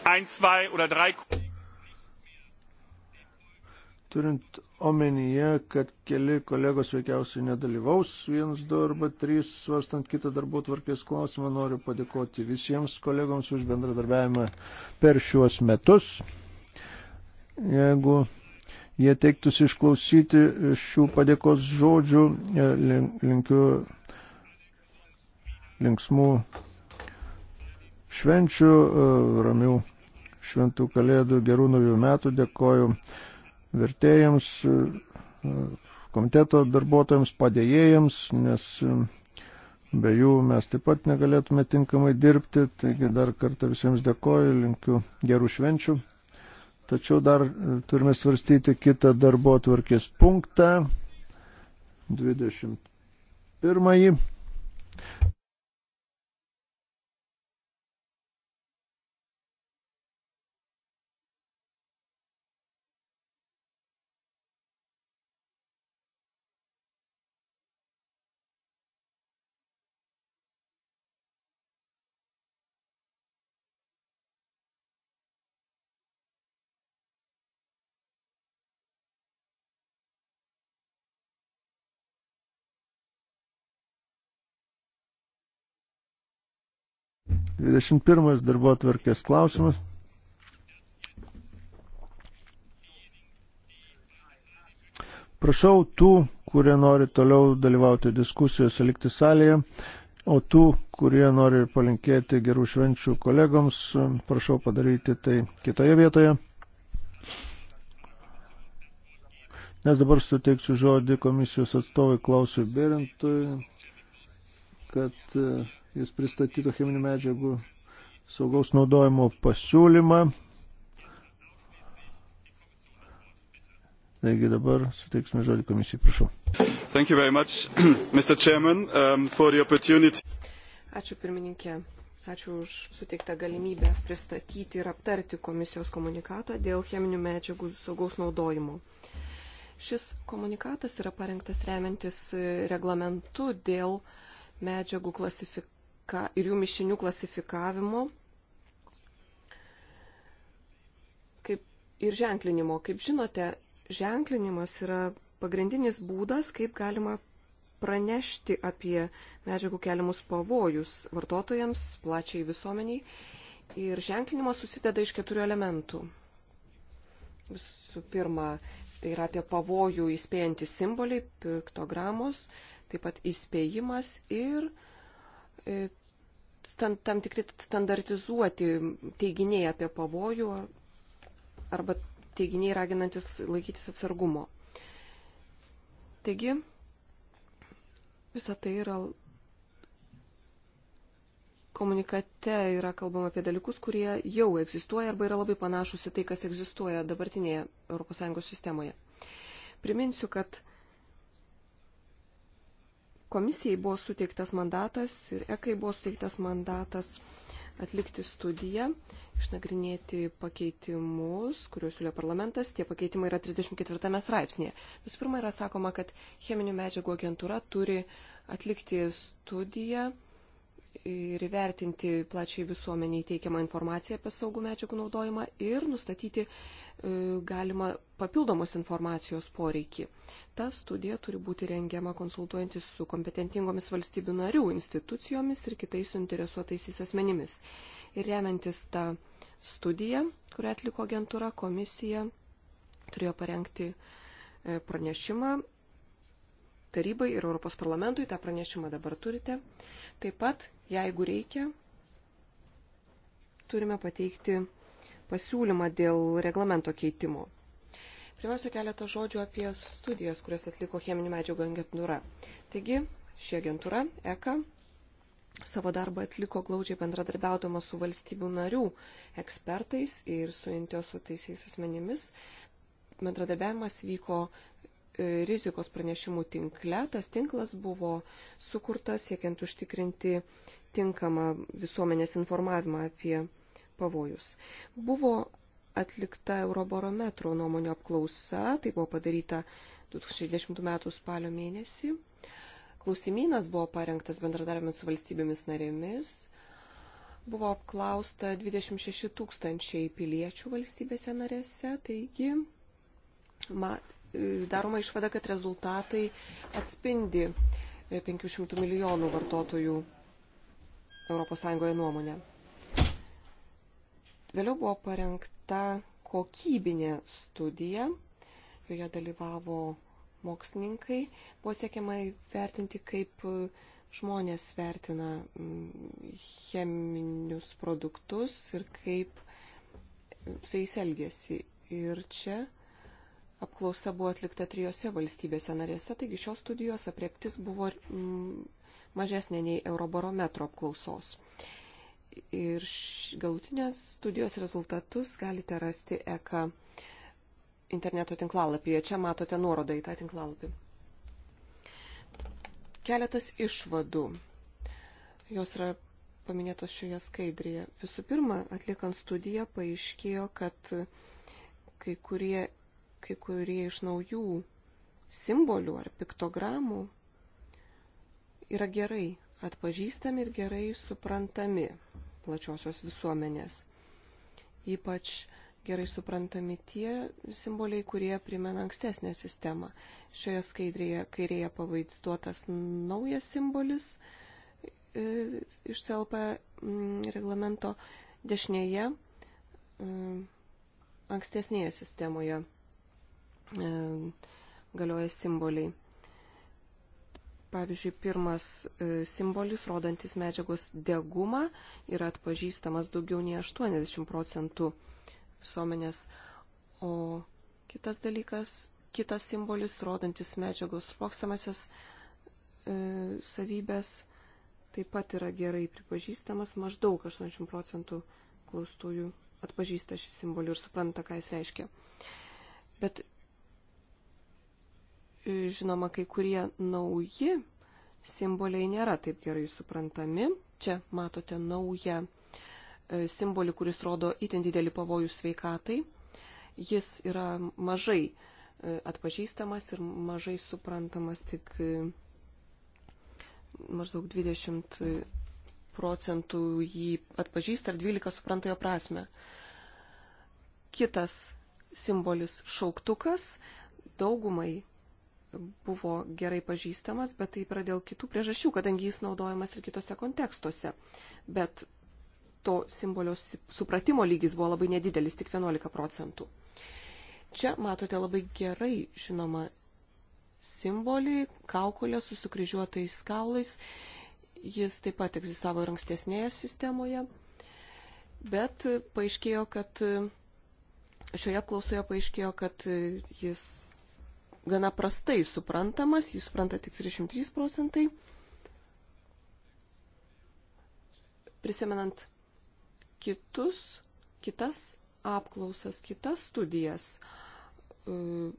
ein, zwei oder drei turint omenyje, kad keli kolegos veikiausiai nedalyvaus, vienas, du arba trys, svarstant kitą darbų tvarkės klausimą, noriu padėkoti visiems kolegoms už bendradarbiavimą per šiuos metus. Jeigu jie teiktųsi išklausyti šių padėkos žodžių, e, linkiu linksmų švenčių, e, ramių šventų kalėdų, gerų naujų metų, dėkoju vertėjams, komiteto darbuotojams, padėjėjams, nes e, be jų mes taip pat negalėtume tinkamai dirbti. Taigi dar kartą visiems dėkoju, linkiu gerų švenčių. Tačiau dar e, turime svarstyti kitą darbo tvarkės punktą. 21. 21 darbo atvarkės klausimas. Prašau tų, kurie nori toliau dalyvauti diskusijose, likti salėje, o tų, kurie nori palinkėti gerų švenčių kolegoms, prašau padaryti tai kitoje vietoje. Nes dabar suteiksiu žodį komisijos atstovui Klausui Berintui, kad uh, jis pristatytų cheminių medžiagų saugaus naudojimo pasiūlymą. Taigi dabar suteiksime žodį komisijai, prašau. Thank you very much, [CLEARS THROAT] Mr. Chairman, um, for the opportunity. Ačiū pirmininkė, ačiū už suteiktą galimybę pristatyti ir aptarti komisijos komunikatą dėl cheminių medžiagų saugaus naudojimo. Šis komunikatas yra parengtas remiantis reglamentu dėl medžiagų klasifikacijos ką, ir jų mišinių klasifikavimo kaip, ir ženklinimo. Kaip žinote, ženklinimas yra pagrindinis būdas, kaip galima pranešti apie medžiagų keliamus pavojus vartotojams, plačiai visuomeniai. Ir ženklinimas susideda iš keturių elementų. Visų pirma, tai yra apie pavojų įspėjantys simboliai, piktogramos, taip pat įspėjimas ir e, stand, tam tikri standartizuoti teiginiai apie pavojų arba teiginiai raginantis laikytis atsargumo. Taigi, visa tai yra komunikate yra kalbama apie dalykus, kurie jau egzistuoja arba yra labai panašus į tai, kas egzistuoja dabartinėje ES sistemoje. Priminsiu, kad Komisijai buvo suteiktas mandatas ir EKai buvo suteiktas mandatas atlikti studiją, išnagrinėti pakeitimus, kuriuos siūlė parlamentas. Tie pakeitimai yra 34 straipsnėje. Visų pirma, yra sakoma, kad cheminių medžiagų agentūra turi atlikti studiją ir įvertinti plačiai visuomeniai teikiamą informaciją apie saugų medžiagų naudojimą ir nustatyti E, galima papildomos informacijos poreikį. Ta studija turi būti rengiama konsultuojantis su kompetentingomis valstybių narių institucijomis ir kitais suinteresuotaisiais asmenimis. Ir remiantis tą studiją, kurią atliko agentūra, komisija turėjo parengti e, pranešimą tarybai ir Europos parlamentui. Ta pranešimą dabar turite. Taip pat, jeigu reikia, turime pateikti pasiūlymą dėl reglamento keitimo. Pirmiausia, keletą žodžių apie studijas, kurias atliko cheminių medžiagų agentūra. Taigi, ši agentūra, ECA, savo darbą atliko glaudžiai bendradarbiaudama su valstybių narių ekspertais ir su interesuotaisiais asmenimis. Bendradarbiavimas vyko e, rizikos pranešimų tinkle. Tas tinklas buvo sukurtas siekiant užtikrinti tinkamą visuomenės informavimą apie pavojus. Buvo atlikta Eurobarometro nuomonio apklausa, tai buvo padaryta 2010 m. spalio mėnesį. Klausimynas buvo parengtas bendradarbiavant su valstybėmis narėmis. Buvo apklausta 26 tūkstančiai piliečių valstybėse narėse, taigi ma, e, daroma išvada, kad rezultatai atspindi 500 e, milijonų vartotojų ES nuomonę. Vėliau buvo parengta kokybinė studija, joje dalyvavo mokslininkai, buvo siekiama vertinti, kaip žmonės vertina mm, cheminius produktus ir kaip su jais elgesi. Ir čia apklausa buvo atlikta trijose valstybėse narėse, taigi šios studijos apreptis buvo mm, mažesnė nei Eurobarometro apklausos ir galutinės studijos rezultatus galite rasti ECA interneto tinklalapyje. Čia matote nuorodą į tą tinklalapį. Keletas išvadų. Jos yra paminėtos šioje skaidrėje. Visų pirma, atliekant studiją, paaiškėjo, kad kai kurie, kai kurie iš naujų simbolių ar piktogramų yra gerai atpažįstami ir gerai suprantami plačiosios visuomenės. Ypač gerai suprantami tie simboliai, kurie primena ankstesnę sistemą. Šioje skaidrėje kairėje pavaizduotas naujas simbolis e, iš CLP m, mm, reglamento dešinėje e, ankstesnėje sistemoje e, galioja simboliai. Pavyzdžiui, pirmas e, simbolis, rodantis medžiagos degumą, yra atpažįstamas daugiau nei 80 procentų visuomenės, o kitas dalykas, kitas simbolis, rodantis medžiagos sprokstamasias e, savybės, taip pat yra gerai pripažįstamas, maždaug 80 procentų klaustųjų atpažįsta šį simbolį ir supranta, ką jis reiškia. Bet žinoma, kai kurie nauji simboliai nėra taip gerai suprantami. Čia matote naują e, simbolį, kuris rodo itin didelį pavojų sveikatai. Jis yra mažai e, atpažįstamas ir mažai suprantamas tik e, maždaug 20 procentų jį atpažįsta ir 12 supranta jo prasme. Kitas simbolis šauktukas daugumai buvo gerai pažįstamas, bet taip yra dėl kitų priežasčių, kadangi jis naudojamas ir kitose kontekstuose. Bet to simbolio supratimo lygis buvo labai nedidelis, tik 11 procentų. Čia matote labai gerai žinoma simbolį, kaukolę su sukryžiuotais kaulais. Jis taip pat egzistavo ir ankstesnėje sistemoje. Bet paaiškėjo, kad šioje klausoje paaiškėjo, kad jis gana prastai suprantamas, jį supranta tik 33 procentai. Prisimenant kitus, kitas apklausas, kitas studijas, e,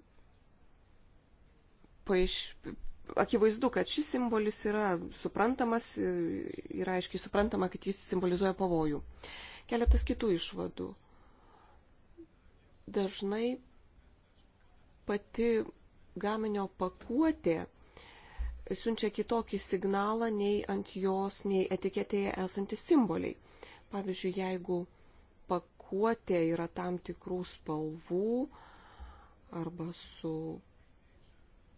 paaiš, akivaizdu, kad šis simbolis yra suprantamas, e, yra aiškiai suprantama, kad jis simbolizuoja pavojų. Keletas kitų išvadų. Dažnai pati gaminio pakuotė siunčia kitokį signalą nei ant jos, nei etiketėje esantis simboliai. Pavyzdžiui, jeigu pakuotė yra tam tikrų spalvų arba su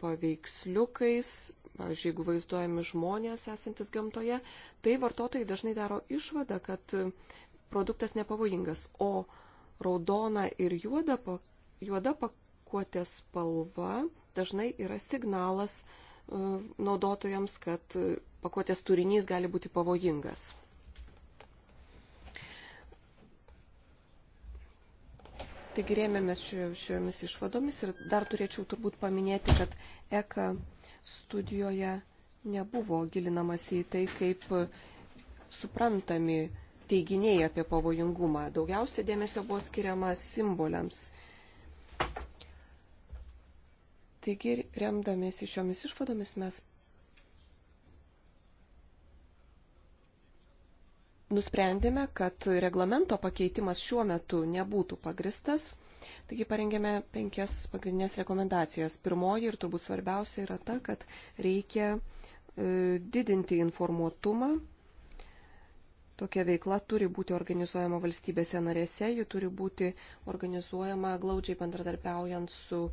paveiksliukais, pavyzdžiui, jeigu vaizduojami žmonės esantis gamtoje, tai vartotojai dažnai daro išvadą, kad produktas nepavojingas, o raudona ir juoda, juoda pakuotė spalva dažnai yra signalas e, naudotojams, kad pakuotės turinys gali būti pavojingas. Taigi rėmėmės šiomis išvadomis ir dar turėčiau turbūt paminėti, kad ECA studijoje nebuvo gilinamas į tai, kaip suprantami teiginiai apie pavojingumą. Daugiausia dėmesio buvo skiriama simboliams Taigi, remdamėsi šiomis išvadomis, mes nusprendėme, kad reglamento pakeitimas šiuo metu nebūtų pagristas. Taigi parengėme penkias pagrindinės rekomendacijas. Pirmoji ir turbūt svarbiausia yra ta, kad reikia e, didinti informuotumą. Tokia veikla turi būti organizuojama valstybėse narėse, ji turi būti organizuojama glaudžiai bendradarbiaujant su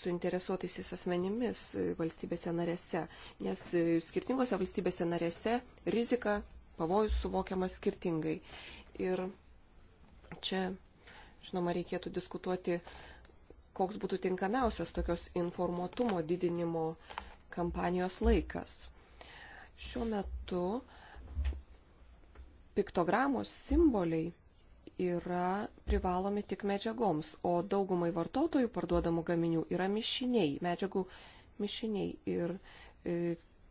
suinteresuotaisiais asmenimis valstybėse narėse, nes skirtingose valstybėse narėse rizika, pavojus suvokiamas skirtingai. Ir čia, žinoma, reikėtų diskutuoti, koks būtų tinkamiausias tokios informuotumo didinimo kampanijos laikas. Šiuo metu piktogramos simboliai yra privalomi tik medžiagoms, o daugumai vartotojų parduodamų gaminių yra mišiniai, medžiagų mišiniai. Ir e,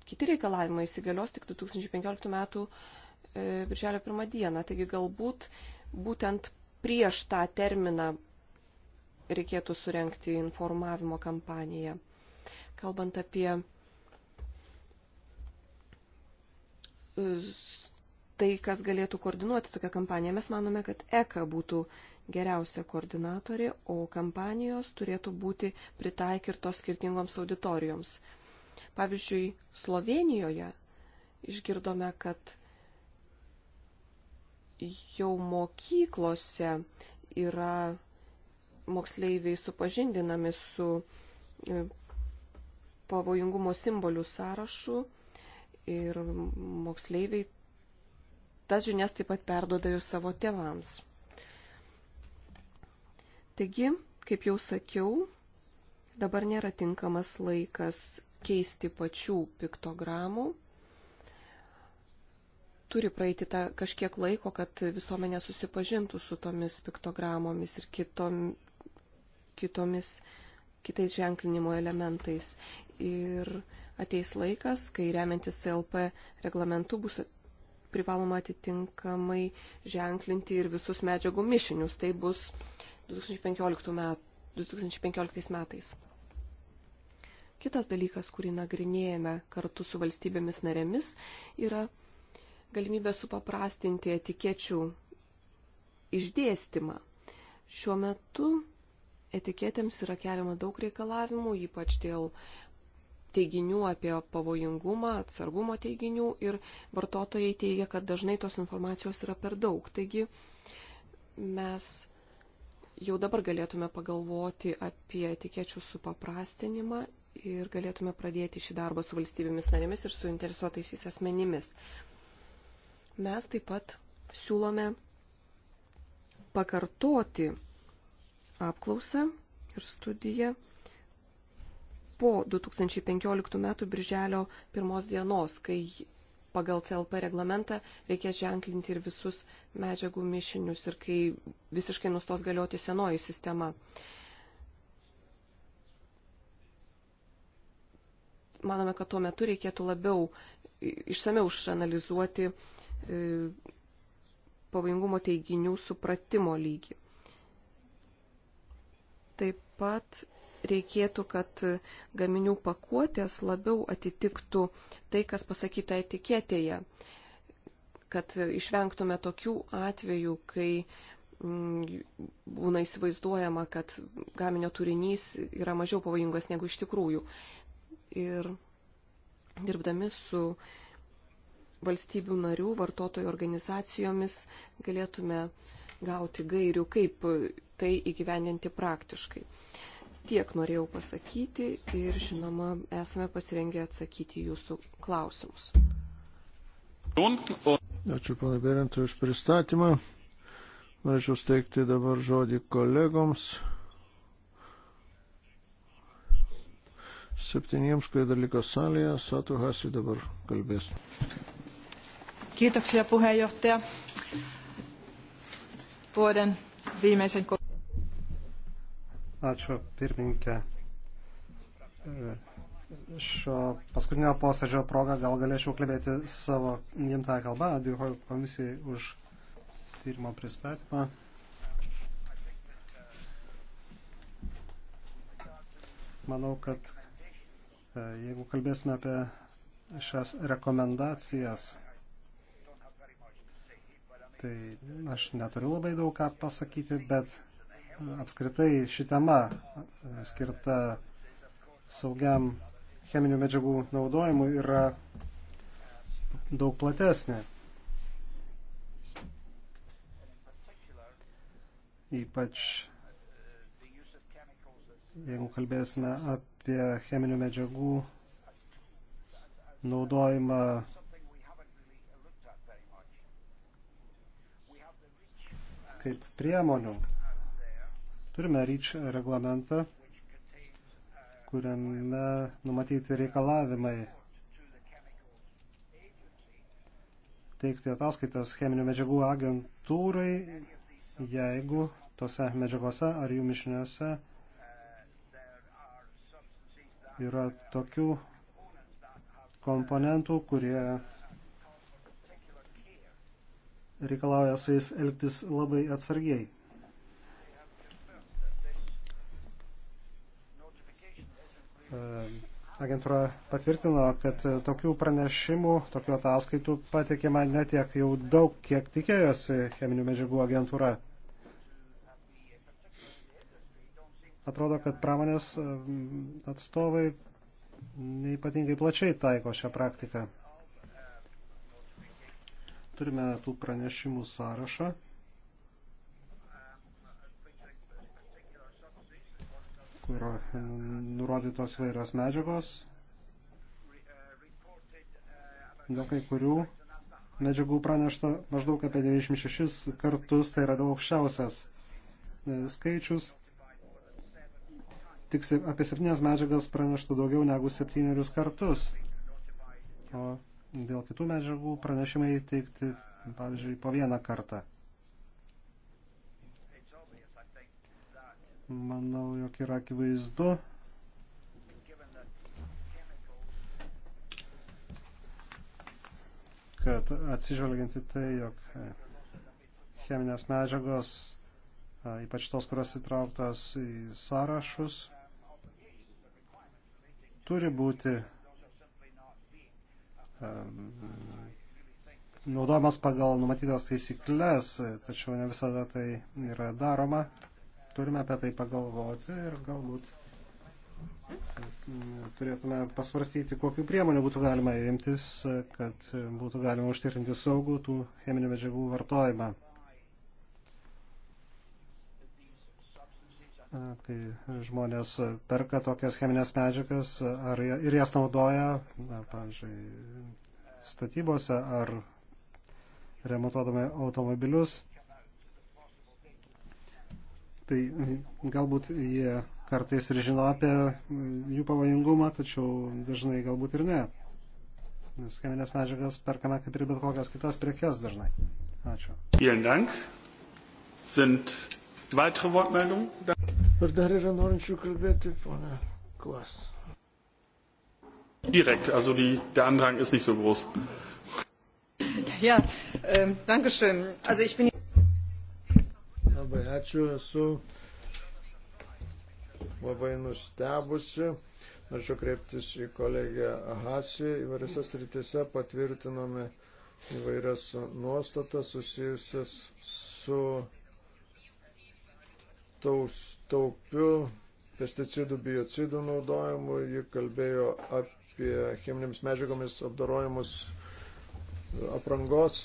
kiti reikalavimai įsigalios tik 2015 m. E, birželio 1 dieną. Taigi galbūt būtent prieš tą terminą reikėtų surenkti informavimo kampaniją. Kalbant apie e, tai, kas galėtų koordinuoti tokią kampaniją. Mes manome, kad ECA būtų geriausia koordinatorė, o kampanijos turėtų būti pritaikytos skirtingoms auditorijoms. Pavyzdžiui, Slovenijoje išgirdome, kad jau mokyklose yra moksleiviai supažindinami su e, pavojingumo simbolių sąrašu ir moksleiviai tas žinias taip pat perdoda ir savo tėvams. Taigi, kaip jau sakiau, dabar nėra tinkamas laikas keisti pačių piktogramų. Turi praeiti tą kažkiek laiko, kad visuomenė susipažintų su tomis piktogramomis ir kitom, kitomis, kitais ženklinimo elementais. Ir ateis laikas, kai remiantis CLP reglamentu bus privaloma atitinkamai ženklinti ir visus medžiagų mišinius. Tai bus 2015, met, 2015 metais. Kitas dalykas, kurį nagrinėjame kartu su valstybėmis narėmis, yra galimybė supaprastinti etikečių išdėstymą. Šiuo metu etiketėms yra keliama daug reikalavimų, ypač dėl teiginių apie pavojingumą, atsargumo teiginių ir vartotojai teigia, kad dažnai tos informacijos yra per daug. Taigi mes jau dabar galėtume pagalvoti apie etikečių supaprastinimą ir galėtume pradėti šį darbą su valstybėmis narėmis ir su interesuotaisiais asmenimis. Mes taip pat siūlome pakartoti apklausą ir studiją po 2015 m. birželio 1 dienos, kai pagal CLP reglamentą reikės ženklinti ir visus medžiagų mišinius ir kai visiškai nustos galioti senoji sistema. Manome, kad tuo metu reikėtų labiau išsameu išanalizuoti e, pavojingumo teiginių supratimo lygį. Taip pat reikėtų, kad gaminių pakuotės labiau atitiktų tai, kas pasakyta etiketėje, kad išvengtume tokių atvejų, kai mm, būna įsivaizduojama, kad gaminio turinys yra mažiau pavojingas negu iš tikrųjų. Ir dirbdami su valstybių narių vartotojų organizacijomis galėtume gauti gairių, kaip tai įgyvendinti praktiškai. Tiek norėjau pasakyti ir, žinoma, esame pasirengę atsakyti jūsų klausimus. Ačiū, pana Berintui, už pristatymą. Norėčiau steigti dabar žodį kolegoms. septyniems, kurie dar liko salėje, Satu Hasi dabar kalbės. Kiitoksia puheenjohtaja. Vuoden viimeisen Ačiū, pirmininkė. E, šio paskutinio posėdžio progą gal galėčiau kalbėti savo gimtąją kalbą. Dėkoju komisijai už tyrimo pristatymą. Manau, kad e, jeigu kalbėsime apie šias rekomendacijas, tai aš neturiu labai daug ką pasakyti, bet apskritai ši tema e, skirta saugiam cheminių medžiagų naudojimui yra daug platesnė. Ypač jeigu kalbėsime apie cheminių medžiagų naudojimą kaip priemonių Turime ryč reglamentą, kuriame numatyti reikalavimai teikti ataskaitas cheminių medžiagų agentūrai, jeigu tose medžiagose ar jų mišiniuose yra tokių komponentų, kurie reikalauja su jais elgtis labai atsargiai. E, agentūra patvirtino, kad e, tokių pranešimų, tokių ataskaitų patikima netiek jau daug, kiek tikėjosi cheminių medžiagų agentūra. Atrodo, kad pramonės e, atstovai neipatingai plačiai taiko šią praktiką. Turime tų pranešimų sąrašą. kur e, nurodytos vairios medžiagos. Dėl kai kurių medžiagų pranešta maždaug apie 96 kartus, tai yra aukščiausias e, skaičius. Tik apie septynės medžiagas praneštų daugiau negu septynerius kartus. O dėl kitų medžiagų pranešimai teikti, pavyzdžiui, po vieną kartą. Manau, jog yra akivaizdu, kad atsižvelgiant į tai, jog e, cheminės medžiagos, e, ypač tos, kurios įtrauktos į sąrašus, turi būti e, naudojamas pagal numatytas taisyklės, tačiau ne visada tai yra daroma. Turime apie tai pagalvoti ir galbūt turėtume pasvarstyti, kokiu priemonių būtų galima imtis, kad būtų galima užtikrinti saugų tų cheminių medžiagų vartojimą. Kai žmonės perka tokias cheminės medžiagas ar, ir jas naudoja, ar, pavyzdžiui, statybose ar remontuodami automobilius, Tai e, galbūt jie kartais ir žino apie e, jų pavojingumą, tačiau dažnai galbūt ir ne. Nes cheminės medžiagas perkame kaip ir bet kokias kitas prekes dažnai. Ačiū. Ar dar yra norinčių kalbėti, ponia Klas? Direkt, also die, der Andrang ist nicht so groß. Ja, ähm, danke schön. Also ich bin... Labai ačiū, esu labai nustebusi. Norėčiau kreiptis į kolegę Hasi. Įvairiose sritise patvirtinome įvairias nuostatas susijusias su taus, taupiu pesticidų, biocidų naudojimu. Ji kalbėjo apie cheminėms medžiagomis apdarojimus aprangos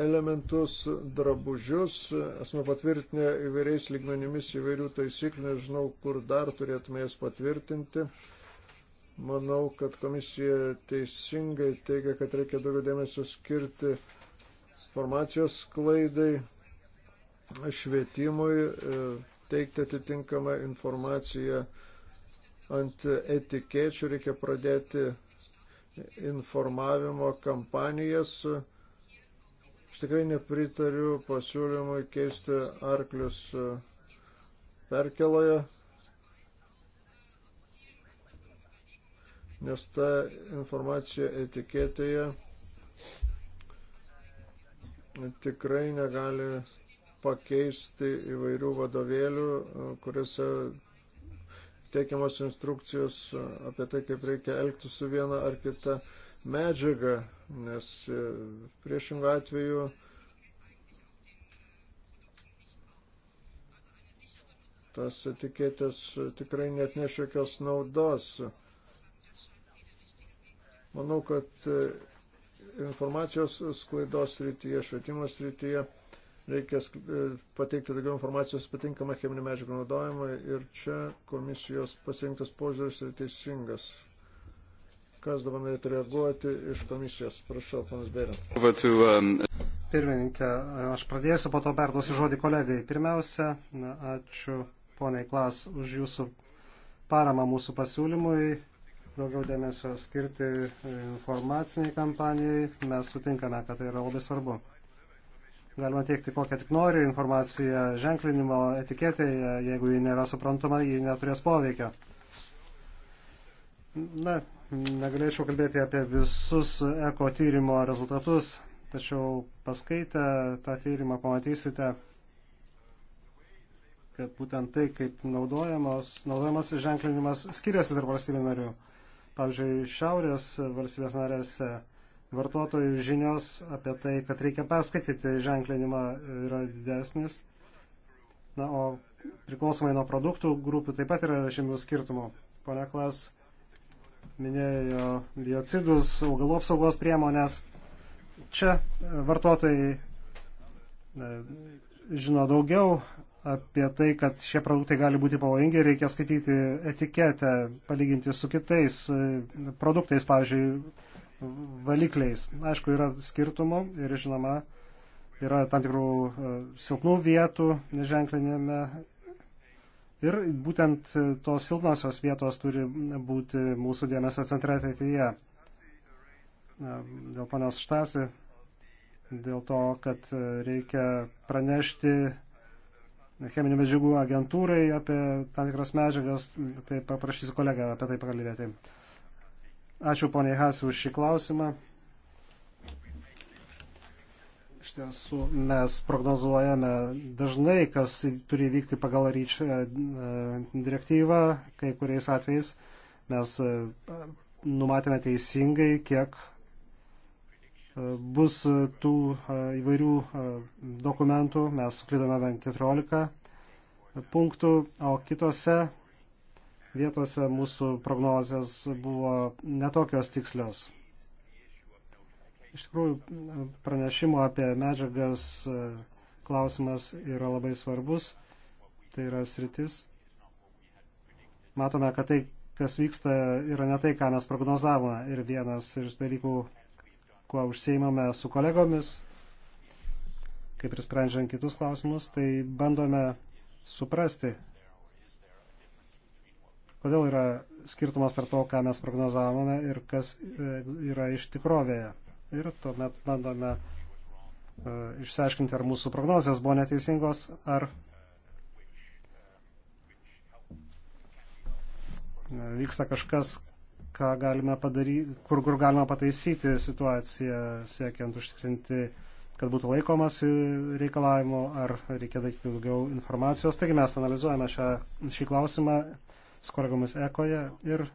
elementus, drabužius. Esame patvirtinę įvairiais lygmenimis įvairių taisyklių, nežinau, kur dar turėtume jas patvirtinti. Manau, kad komisija teisingai teigia, kad reikia daugiau dėmesio skirti informacijos klaidai, švietimui, e, teikti atitinkamą informaciją ant etikėčių, reikia pradėti informavimo kampanijas Aš tikrai nepritariu pasiūlymui keisti arklius e, perkeloje, nes ta informacija etiketėje tikrai negali pakeisti įvairių vadovėlių, e, kuriuose teikiamas instrukcijos e, apie tai, kaip reikia elgtis su viena ar kita medžiaga nes e, priešingų atveju tas etiketės tikrai net neš jokios naudos. Manau, kad e, informacijos sklaidos srityje, švietimo srityje reikia e, pateikti daugiau informacijos patinkamą cheminių medžiagų naudojimą ir čia komisijos pasirinktas požiūris yra teisingas. Kas dabar norėtų reaguoti iš komisijos? Prašau, panas Berint. Um, Pirmininkė, aš pradėsiu, po to perduosiu žodį kolegai. Pirmiausia, na, ačiū poniai Klas už jūsų paramą mūsų pasiūlymui. Daugiau dėmesio skirti informaciniai kampanijai. Mes sutinkame, kad tai yra labai svarbu. Galima teikti kokią tik nori informaciją ženklinimo etiketėje, jeigu ji nėra suprantama, ji neturės poveikio. Na, Negalėčiau kalbėti apie visus eko tyrimo rezultatus, tačiau paskaitę tą tyrimą pamatysite, kad būtent tai, kaip naudojamas, naudojamas ženklinimas skiriasi tarp valstybių narių. Pavyzdžiui, šiaurės valstybės narėse vartotojų žinios apie tai, kad reikia perskaityti ženklinimą yra didesnis. Na, o priklausomai nuo produktų grupių taip pat yra žymių skirtumų. Pone Klas minėjo biocidus, augalų apsaugos priemonės. Čia vartotojai e, žino daugiau apie tai, kad šie produktai gali būti pavojingi, reikia skaityti etiketę, palyginti su kitais e, produktais, pavyzdžiui, valikliais. Aišku, yra skirtumų ir žinoma, yra tam tikrų e, silpnų vietų ženklinėme Ir būtent e, tos silpnosios vietos turi būti mūsų dėmesio centre ateityje. Dėl panios štasi, dėl to, kad e, reikia pranešti cheminių medžiagų agentūrai apie tam tikras medžiagas, tai paprašysiu kolegą apie tai pakalbėti. Ačiū poniai Hasi už šį klausimą. tiesų mes prognozuojame dažnai, kas turi vykti pagal ryčią e, e, direktyvą, kai kuriais atvejais mes e, numatėme teisingai, kiek bus tų įvairių dokumentų, mes suklydome bent 14 punktų, o kitose vietose mūsų prognozijas buvo netokios tikslios. Iš tikrųjų, pranešimo apie medžiagas e, klausimas yra labai svarbus. Tai yra sritis. Matome, kad tai, kas vyksta, yra ne tai, ką mes prognozavome. Ir vienas iš dalykų, kuo užsieimame su kolegomis, kaip ir sprendžiant kitus klausimus, tai bandome suprasti, kodėl yra skirtumas tarp to, ką mes prognozavome ir kas e, yra iš tikrovėje ir tuomet bandome e, išsiaiškinti, ar mūsų prognozijas buvo neteisingos, ar e, vyksta kažkas, ką galime padaryti, kur, kur galima pataisyti situaciją, siekiant užtikrinti, kad būtų laikomas reikalavimo, ar reikia daryti daugiau informacijos. Taigi mes analizuojame šią, šį klausimą su kolegomis ekoje ir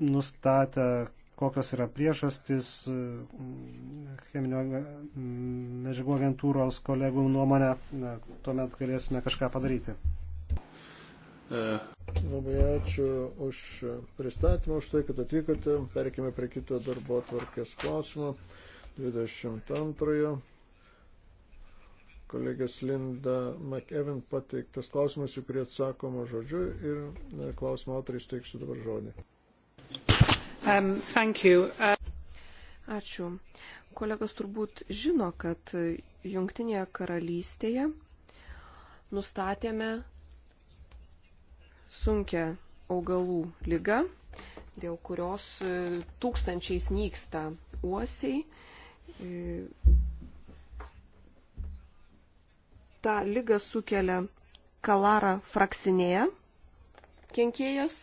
nustatę, kokios yra priežastys mm, cheminio mm, medžiagų agentūros kolegų nuomonę, tuomet galėsime kažką padaryti. E. Labai ačiū už pristatymą, už tai, kad atvykote. Perkime prie kito darbo tvarkės klausimo. 22. Kolegės Linda McEvin pateiktas klausimas, į kurį atsakoma žodžiu ir e, klausimo autoriai steiksiu dabar žodį. Um, uh... Ačiū. Kolegos turbūt žino, kad Junktinėje karalystėje nustatėme sunkia augalų lyga, dėl kurios e, tūkstančiais nyksta uosiai. E, Ta lyga sukelia kalara fraksinėje kenkėjas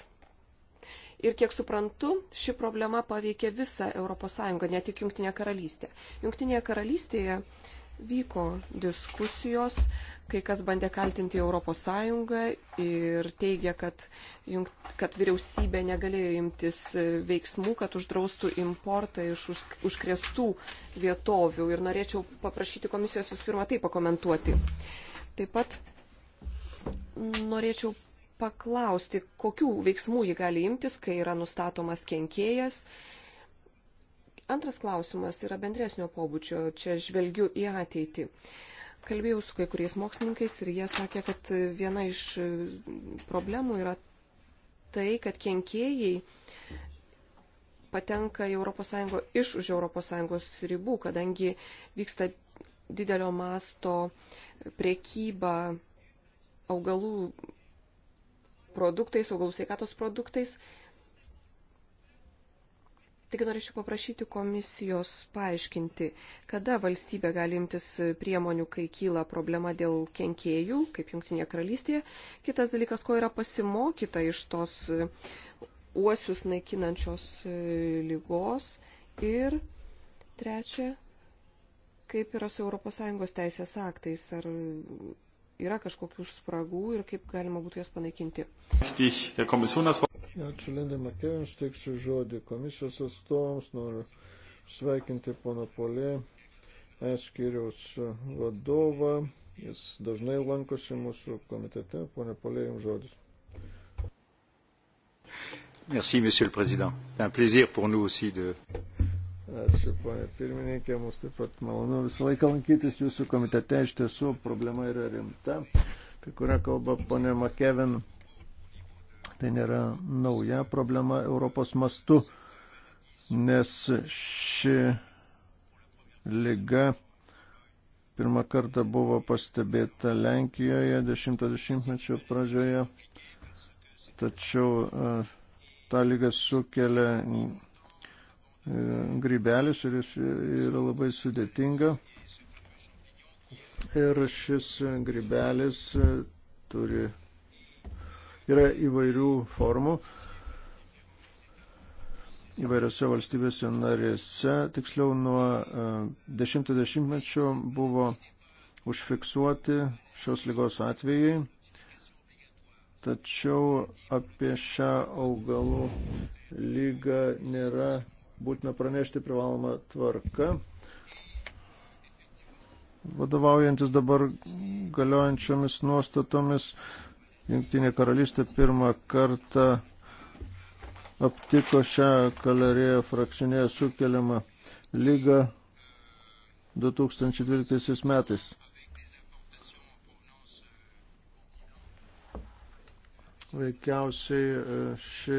Ir kiek suprantu, ši problema paveikė visą ES, ne tik Junktinė karalystė. Junktinėje karalystėje vyko diskusijos, kai kas bandė kaltinti ES ir teigia, kad, jung, kad vyriausybė negalėjo imtis e, veiksmų, kad uždraustų importą iš už, užkrestų vietovių. Ir norėčiau paprašyti komisijos vis pirma tai pakomentuoti. Taip pat norėčiau paklausti, kokių veiksmų ji gali imtis, kai yra nustatomas kenkėjas. Antras klausimas yra bendresnio pobūdžio, čia žvelgiu į ateitį. Kalbėjau su kai kuriais mokslininkais ir jie sakė, kad viena iš problemų yra tai, kad kenkėjai patenka į ES iš už ES ribų, kadangi vyksta didelio masto priekyba augalų produktais, augalų sveikatos produktais. Taigi norėčiau paprašyti komisijos paaiškinti, kada valstybė gali imtis priemonių, kai kyla problema dėl kenkėjų, kaip Junktinėje karalystėje. Kitas dalykas, ko yra pasimokyta iš tos uosius naikinančios e, lygos. Ir trečia, kaip yra su ES teisės aktais, ar yra kažkokių spragų ir kaip galima būtų jas panaikinti. Ačiū Lindai Makėjams, teiksiu žodį komisijos atstovams, noriu sveikinti pono Polė, eskiriaus vadovą, jis dažnai lankosi mūsų komitete, pone Polė, jums žodis. Merci, Monsieur le Président. C'est un plaisir pour nous aussi de. Ačiū, ponė pirmininkė, mums taip pat malonu visą laiką lankytis jūsų komitete, iš tiesų problema yra rimta, apie kurią kalba ponė Makevin. Tai nėra nauja problema Europos mastu, nes ši lyga pirmą kartą buvo pastebėta Lenkijoje 10-mečio pradžioje, tačiau e, tą lygą sukelia grybelis ir jis yra labai sudėtinga. Ir šis grybelis e, turi, yra įvairių formų įvairiose valstybėse narėse. Tiksliau nuo 10-mečio e, buvo užfiksuoti šios lygos atvejai, tačiau apie šią augalų lygą nėra būtina pranešti privalomą tvarką. Vadovaujantis dabar galiojančiomis nuostatomis, Junktinė karalystė pirmą kartą aptiko šią kalerėją frakcinėje sukeliamą lygą 2012 metais. Veikiausiai e, ši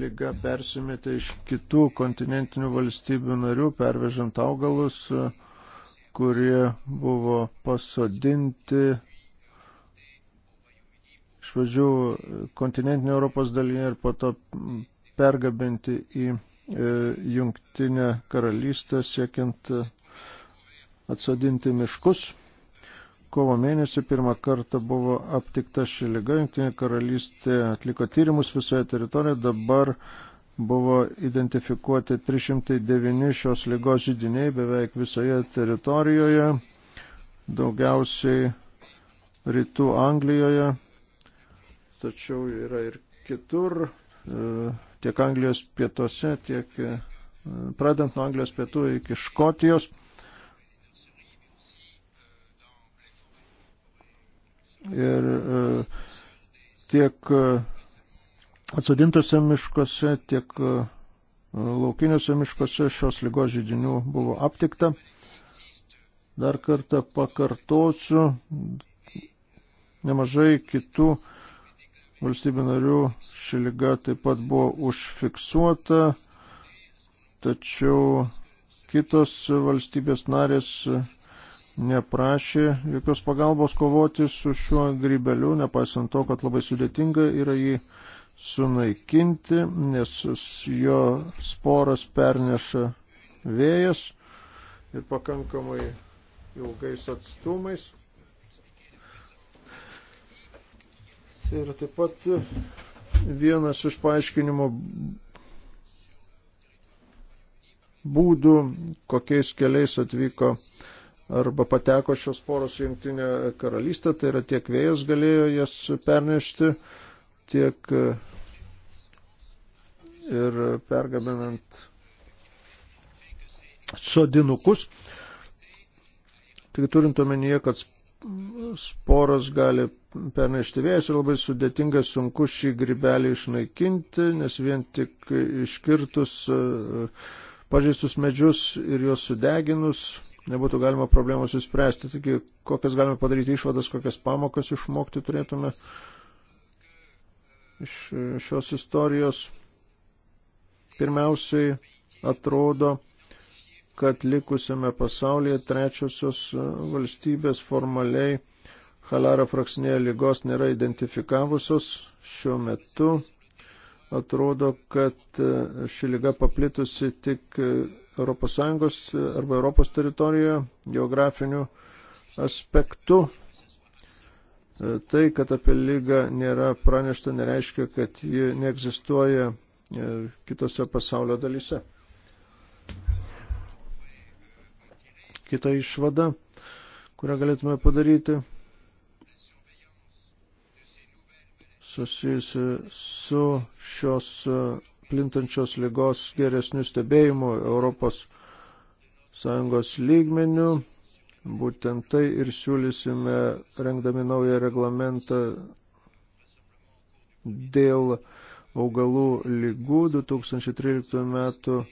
lyga persimėtė iš kitų kontinentinių valstybių narių, pervežant augalus, e, kurie buvo pasodinti iš pradžių kontinentinė Europos dalyje ir po to pergabinti į e, jungtinę karalystę, siekiant atsodinti miškus kovo mėnesį pirmą kartą buvo aptikta ši lyga, Junktinė karalystė atliko tyrimus visoje teritorijoje, dabar buvo identifikuoti 309 šios lygos žydiniai beveik visoje teritorijoje, daugiausiai rytų Anglijoje, tačiau yra ir kitur, e, tiek Anglijos pietuose, tiek e, pradant nuo Anglijos pietų iki Škotijos. ir e, tiek e, atsodintose miškose, tiek e, laukiniuose miškose šios lygos žydinių buvo aptikta. Dar kartą pakartosiu, nemažai kitų valstybių narių ši lyga taip pat buvo užfiksuota, tačiau kitos valstybės narės neprašė jokios pagalbos kovoti su šiuo grybeliu, nepaisant to, kad labai sudėtinga yra jį sunaikinti, nes jo sporas perneša vėjas ir pakankamai ilgais atstumais. Ir tai taip pat vienas iš paaiškinimo būdų, kokiais keliais atvyko uh, arba pateko šios poros jungtinė karalystė, tai yra tiek vėjas galėjo jas pernešti, tiek e, ir pergabenant sodinukus. Tik turint omenyje, kad sporas gali pernešti vėjas ir labai sudėtinga, sunku šį grybelį išnaikinti, nes vien tik iškirtus e, pažeistus medžius ir juos sudeginus nebūtų galima problemos įspręsti. Taigi, kokias galime padaryti išvadas, kokias pamokas išmokti turėtume iš šios istorijos. Pirmiausiai atrodo, kad likusiame pasaulyje trečiosios valstybės formaliai halara fraksinėje lygos nėra identifikavusios šiuo metu. Atrodo, kad ši lyga paplitusi tik ES arba Europos teritorijoje geografiniu aspektu. Tai, kad apie lygą nėra pranešta, nereiškia, kad ji neegzistuoja e, kitose pasaulio dalyse. Kita išvada, kurią galėtume padaryti, susijusi su šios plintančios lygos geresnių stebėjimų Europos Sąjungos lygmenių. Būtent tai ir siūlysime, rengdami naują reglamentą dėl augalų lygų 2013 m.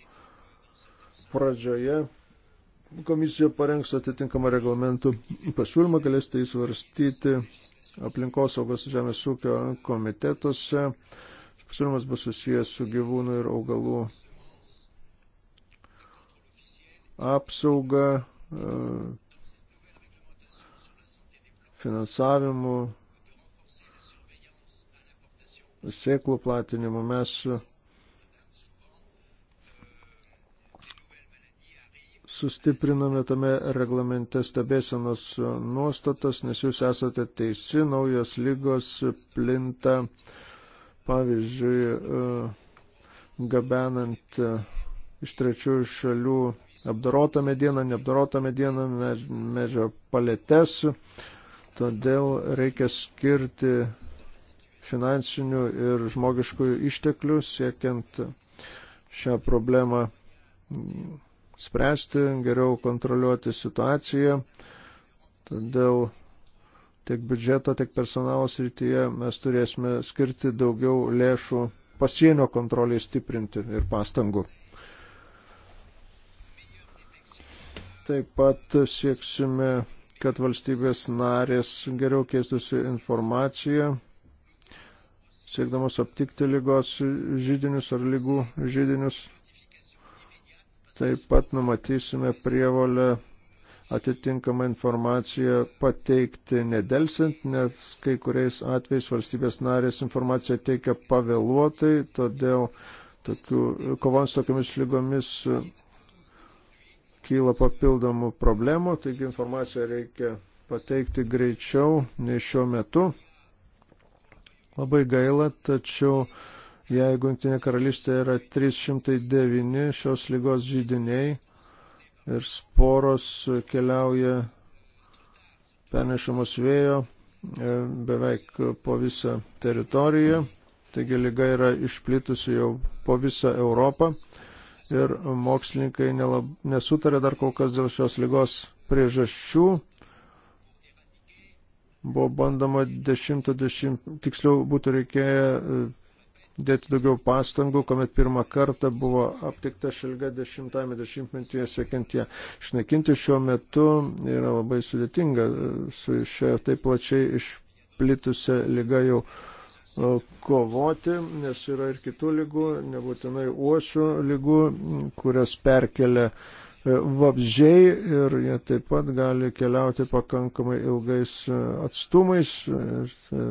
pradžioje. Komisija parengs atitinkamą reglamentų pasiūlymą, galėsite tai įsvarstyti aplinkosaugos žemės ūkio komitetuose. Pasiūlymas bus susijęs su gyvūnų ir augalų apsauga, e, finansavimu, sėklų platinimu. Mes sustipriname tame reglamente stebėsenos nuostatas, nes jūs esate teisi, naujos lygos plinta Pavyzdžiui, e, gabenant e, iš trečiųjų šalių apdarotą medieną, neapdarotą medieną, medžio paletes. Todėl reikia skirti finansinių ir žmogiškųjų išteklių siekiant šią problemą spręsti, geriau kontroliuoti situaciją. Todėl tiek biudžeto, tiek personalo srityje mes turėsime skirti daugiau lėšų pasienio kontroliai stiprinti ir pastangų. Taip pat sieksime, kad valstybės narės geriau keistusi informaciją, siekdamos aptikti lygos žydinius ar lygų žydinius. Taip pat numatysime prievolę atitinkamą informaciją pateikti nedelsint, nes kai kuriais atvejais valstybės narės informaciją teikia pavėluotai, todėl tokių, kovant su tokiamis lygomis kyla papildomų problemų, taigi informaciją reikia pateikti greičiau nei šiuo metu. Labai gaila, tačiau jeigu Junktinė karalystė yra 309 šios lygos žydiniai, ir sporos keliauja pernešamos vėjo e, beveik po visą teritoriją. Taigi lyga yra išplitusi jau po visą Europą ir mokslininkai nelab, nesutarė dar kol kas dėl šios lygos priežasčių. Buvo bandoma dešimto dešimt, tiksliau būtų reikėję e, dėti daugiau pastangų, kuomet pirmą kartą buvo aptikta šilga 10-ame dešimtmetyje siekiant ją išnaikinti. Šiuo metu yra labai sudėtinga su šia taip plačiai išplitusią lygą jau kovoti, nes yra ir kitų lygų, nebūtinai uosių lygų, kurias perkelia e, vabzdžiai ir jie taip pat gali keliauti pakankamai ilgais e, atstumais. Ir, e,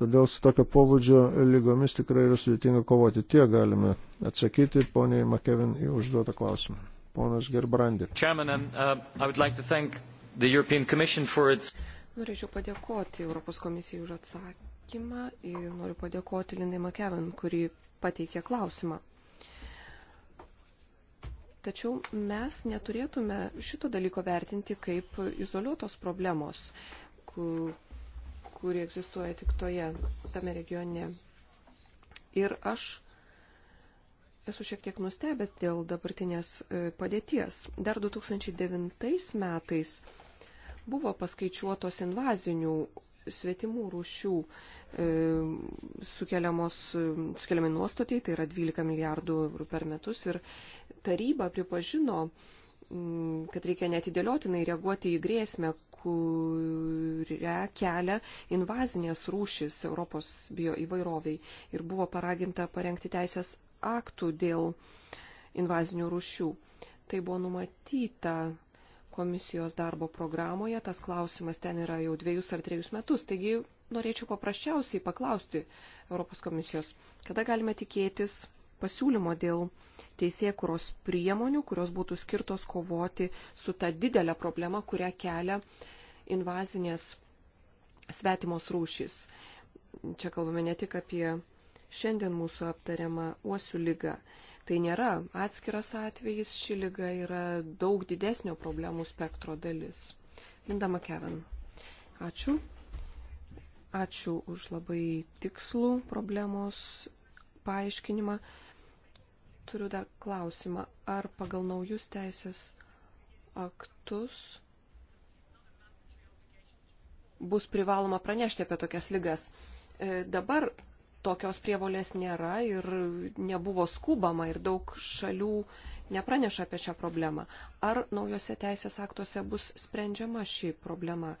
Todėl su tokio pobūdžio lygomis tikrai yra sudėtinga kovoti. Tie galime atsakyti, poniai Makevin, į užduotą klausimą. Ponas Gerbrandi. Uh, Norėčiau padėkoti Europos komisijai už atsakymą ir noriu padėkoti Lindai Makevin, kuri pateikė klausimą. Tačiau mes neturėtume šito dalyko vertinti kaip izoliuotos problemos, kuri egzistuoja tik toje, tame regione. Ir aš esu šiek tiek nustebęs dėl dabartinės e, padėties. Dar 2009 metais buvo paskaičiuotos invazinių svetimų rūšių e, e sukeliami nuostatai, tai yra 12 milijardų eurų per metus ir taryba pripažino, kad reikia netidėliotinai reaguoti į grėsmę, kurią kelia invazinės rūšis Europos bioįvairoviai ir buvo paraginta parengti teisės aktų dėl invazinių rūšių. Tai buvo numatyta komisijos darbo programoje, tas klausimas ten yra jau dviejus ar trejus metus. Taigi norėčiau paprasčiausiai paklausti Europos komisijos, kada galime tikėtis pasiūlymo dėl teisėkuros priemonių, kurios būtų skirtos kovoti su ta didelė problema, kurią kelia invazinės svetimos rūšys. Čia kalbame ne tik apie šiandien mūsų aptariamą uosių lygą. Tai nėra atskiras atvejis, ši lyga yra daug didesnio problemų spektro dalis. Linda McKevin. Ačiū. Ačiū už labai tikslų problemos paaiškinimą. Turiu dar klausimą. Ar pagal naujus teisės aktus bus privaloma pranešti apie tokias lygas? E, dabar tokios prievolės nėra ir nebuvo skubama ir daug šalių nepraneša apie šią problemą. Ar naujose teisės aktuose bus sprendžiama ši problema?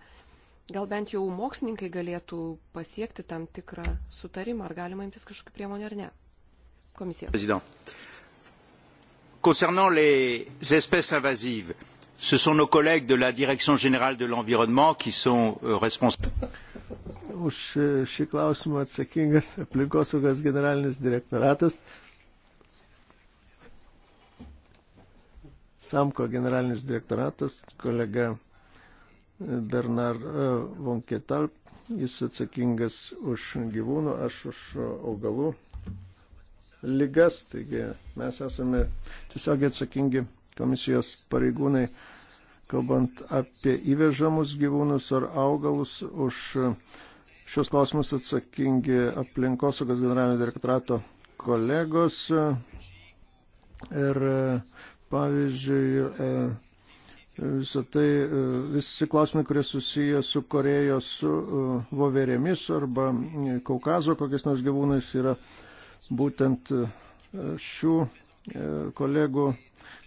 Gal bent jau mokslininkai galėtų pasiekti tam tikrą sutarimą, ar galima imtis kažkokių priemonių ar ne? komisija. Concernant les espèces invasives, ce sont nos collègues de la Direction générale de l'environnement qui sont euh, responsables. Už e, šį klausimą atsakingas aplinkosaugos generalinis direktoratas, Samko generalinis direktoratas, kolega e, Bernard e, Vonketalp, jis atsakingas už gyvūnų, aš už augalų lygas. Taigi mes esame tiesiog atsakingi komisijos pareigūnai, kalbant apie įvežamus gyvūnus ar augalus, už šios klausimus atsakingi aplinkosaugos generalinio direktorato kolegos. Ir pavyzdžiui, e, visą tai, e, visi klausimai, kurie susiję su Korejos su e, voverėmis arba Kaukazo kokiais nors gyvūnais yra uh, būtent e, šių e, kolegų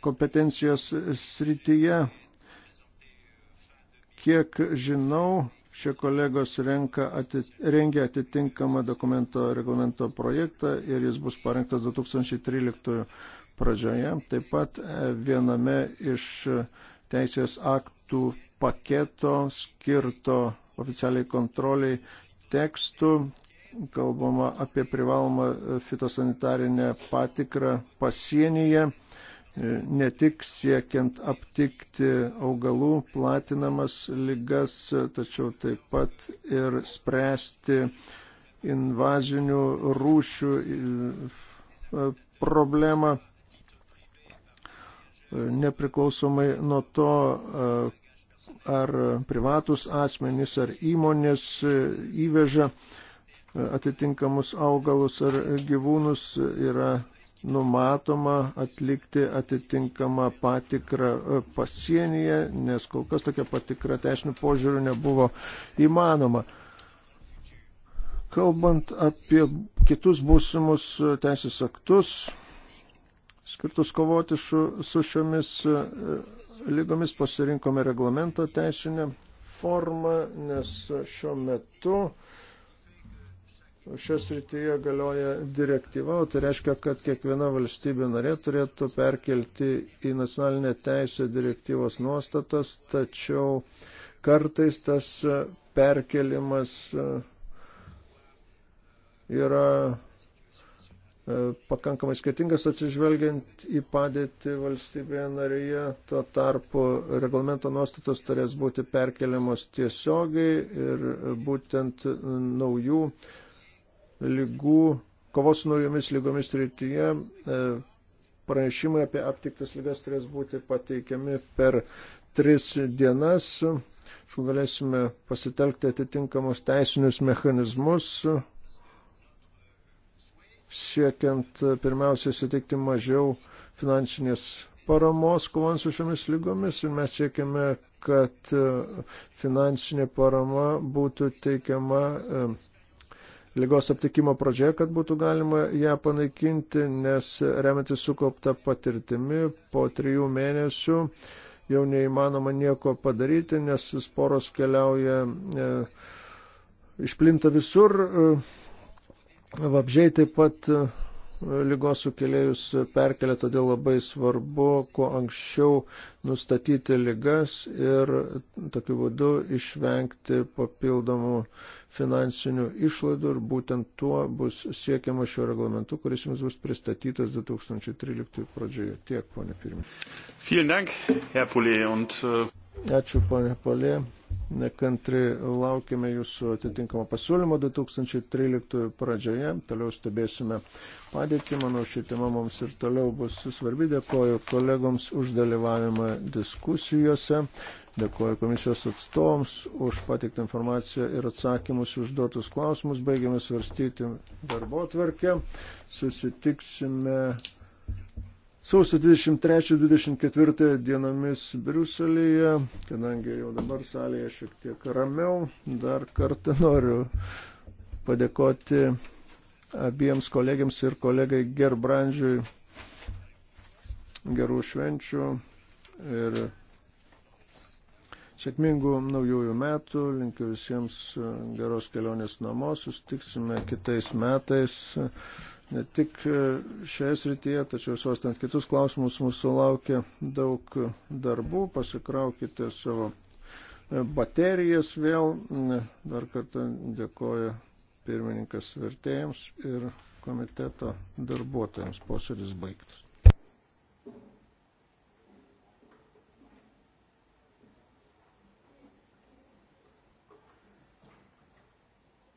kompetencijos srityje. Kiek žinau, šie kolegos renka, ati, rengia atitinkamą dokumento reglamento projektą ir jis bus parengtas 2013 pradžioje. Taip pat e, viename iš teisės aktų paketo skirto oficialiai kontroliai tekstų kalbama apie privalomą e, fitosanitarinę patikrą pasienyje, e, ne tik siekiant aptikti augalų platinamas lygas, tačiau taip pat ir spręsti invazinių rūšių e, problemą nepriklausomai nuo to, ar privatus asmenys ar įmonės įveža atitinkamus augalus ar gyvūnus yra numatoma atlikti atitinkamą patikrą e, pasienyje, nes kol kas tokia patikra teisinių požiūrių nebuvo įmanoma. Kalbant apie kitus būsimus teisės aktus, skirtus kovoti šu, su šiomis e, lygomis, pasirinkome reglamento teisinę formą, nes šiuo metu uh, šios rytyje galioja direktyva, o tai reiškia, kad kiekviena valstybė narė turėtų perkelti į nacionalinę teisę direktyvos nuostatas, tačiau kartais tas perkelimas e, yra e, pakankamai skirtingas atsižvelgiant į padėtį valstybėje narėje. Tuo tarpu reglamento nuostatos turės būti perkeliamos tiesiogiai ir būtent naujų lygų, kovos su naujomis lygomis rytyje e, pranešimai apie aptiktas lygas turės būti pateikiami per tris dienas. Šku galėsime pasitelkti atitinkamus teisinius mechanizmus, siekiant e, pirmiausiai suteikti mažiau finansinės paramos kovant su šiomis lygomis ir mes siekiame, kad e, finansinė parama būtų teikiama lygos aptikimo pradžioje, kad būtų galima ją panaikinti, nes remiantis sukaupta patirtimi po trijų mėnesių jau neįmanoma nieko padaryti, nes sporos keliauja e, išplinta visur, e, vabžiai taip pat e, lygos sukėlėjus perkelia, todėl labai svarbu kuo anksčiau nustatyti lygas ir tokiu būdu išvengti papildomų finansinių išlaidų ir būtent tuo bus siekiama šio reglamentu, kuris jums bus pristatytas 2013 pradžioje. Tiek, ponė pirmininkė. Äh, Ačiū, ponė Polė nekantri laukime jūsų atitinkamo pasiūlymo 2013 pradžioje. Toliau stebėsime padėtį. Manau, ši tema mums ir toliau bus svarbi. Dėkoju kolegoms už dalyvavimą diskusijose. Dėkoju komisijos atstovams už pateiktą informaciją ir atsakymus užduotus klausimus. Baigiame svarstyti darbo tvarkę. Susitiksime sausio 23-24 dienomis Briuselėje, kadangi jau dabar salėje šiek tiek ramiau, dar kartą [LAUGHS] noriu padėkoti abiems kolegiams ir kolegai Gerbrandžiui gerų švenčių ir Sėkmingų naujųjų metų, linkiu visiems e, geros kelionės namo, sustiksime kitais metais, e, ne tik e, šioje srityje, tačiau svarstant kitus klausimus mūsų laukia daug darbų, pasikraukite savo baterijas vėl, dar kartą dėkoju pirmininkas vertėjams ir komiteto darbuotojams posėdis baigtas.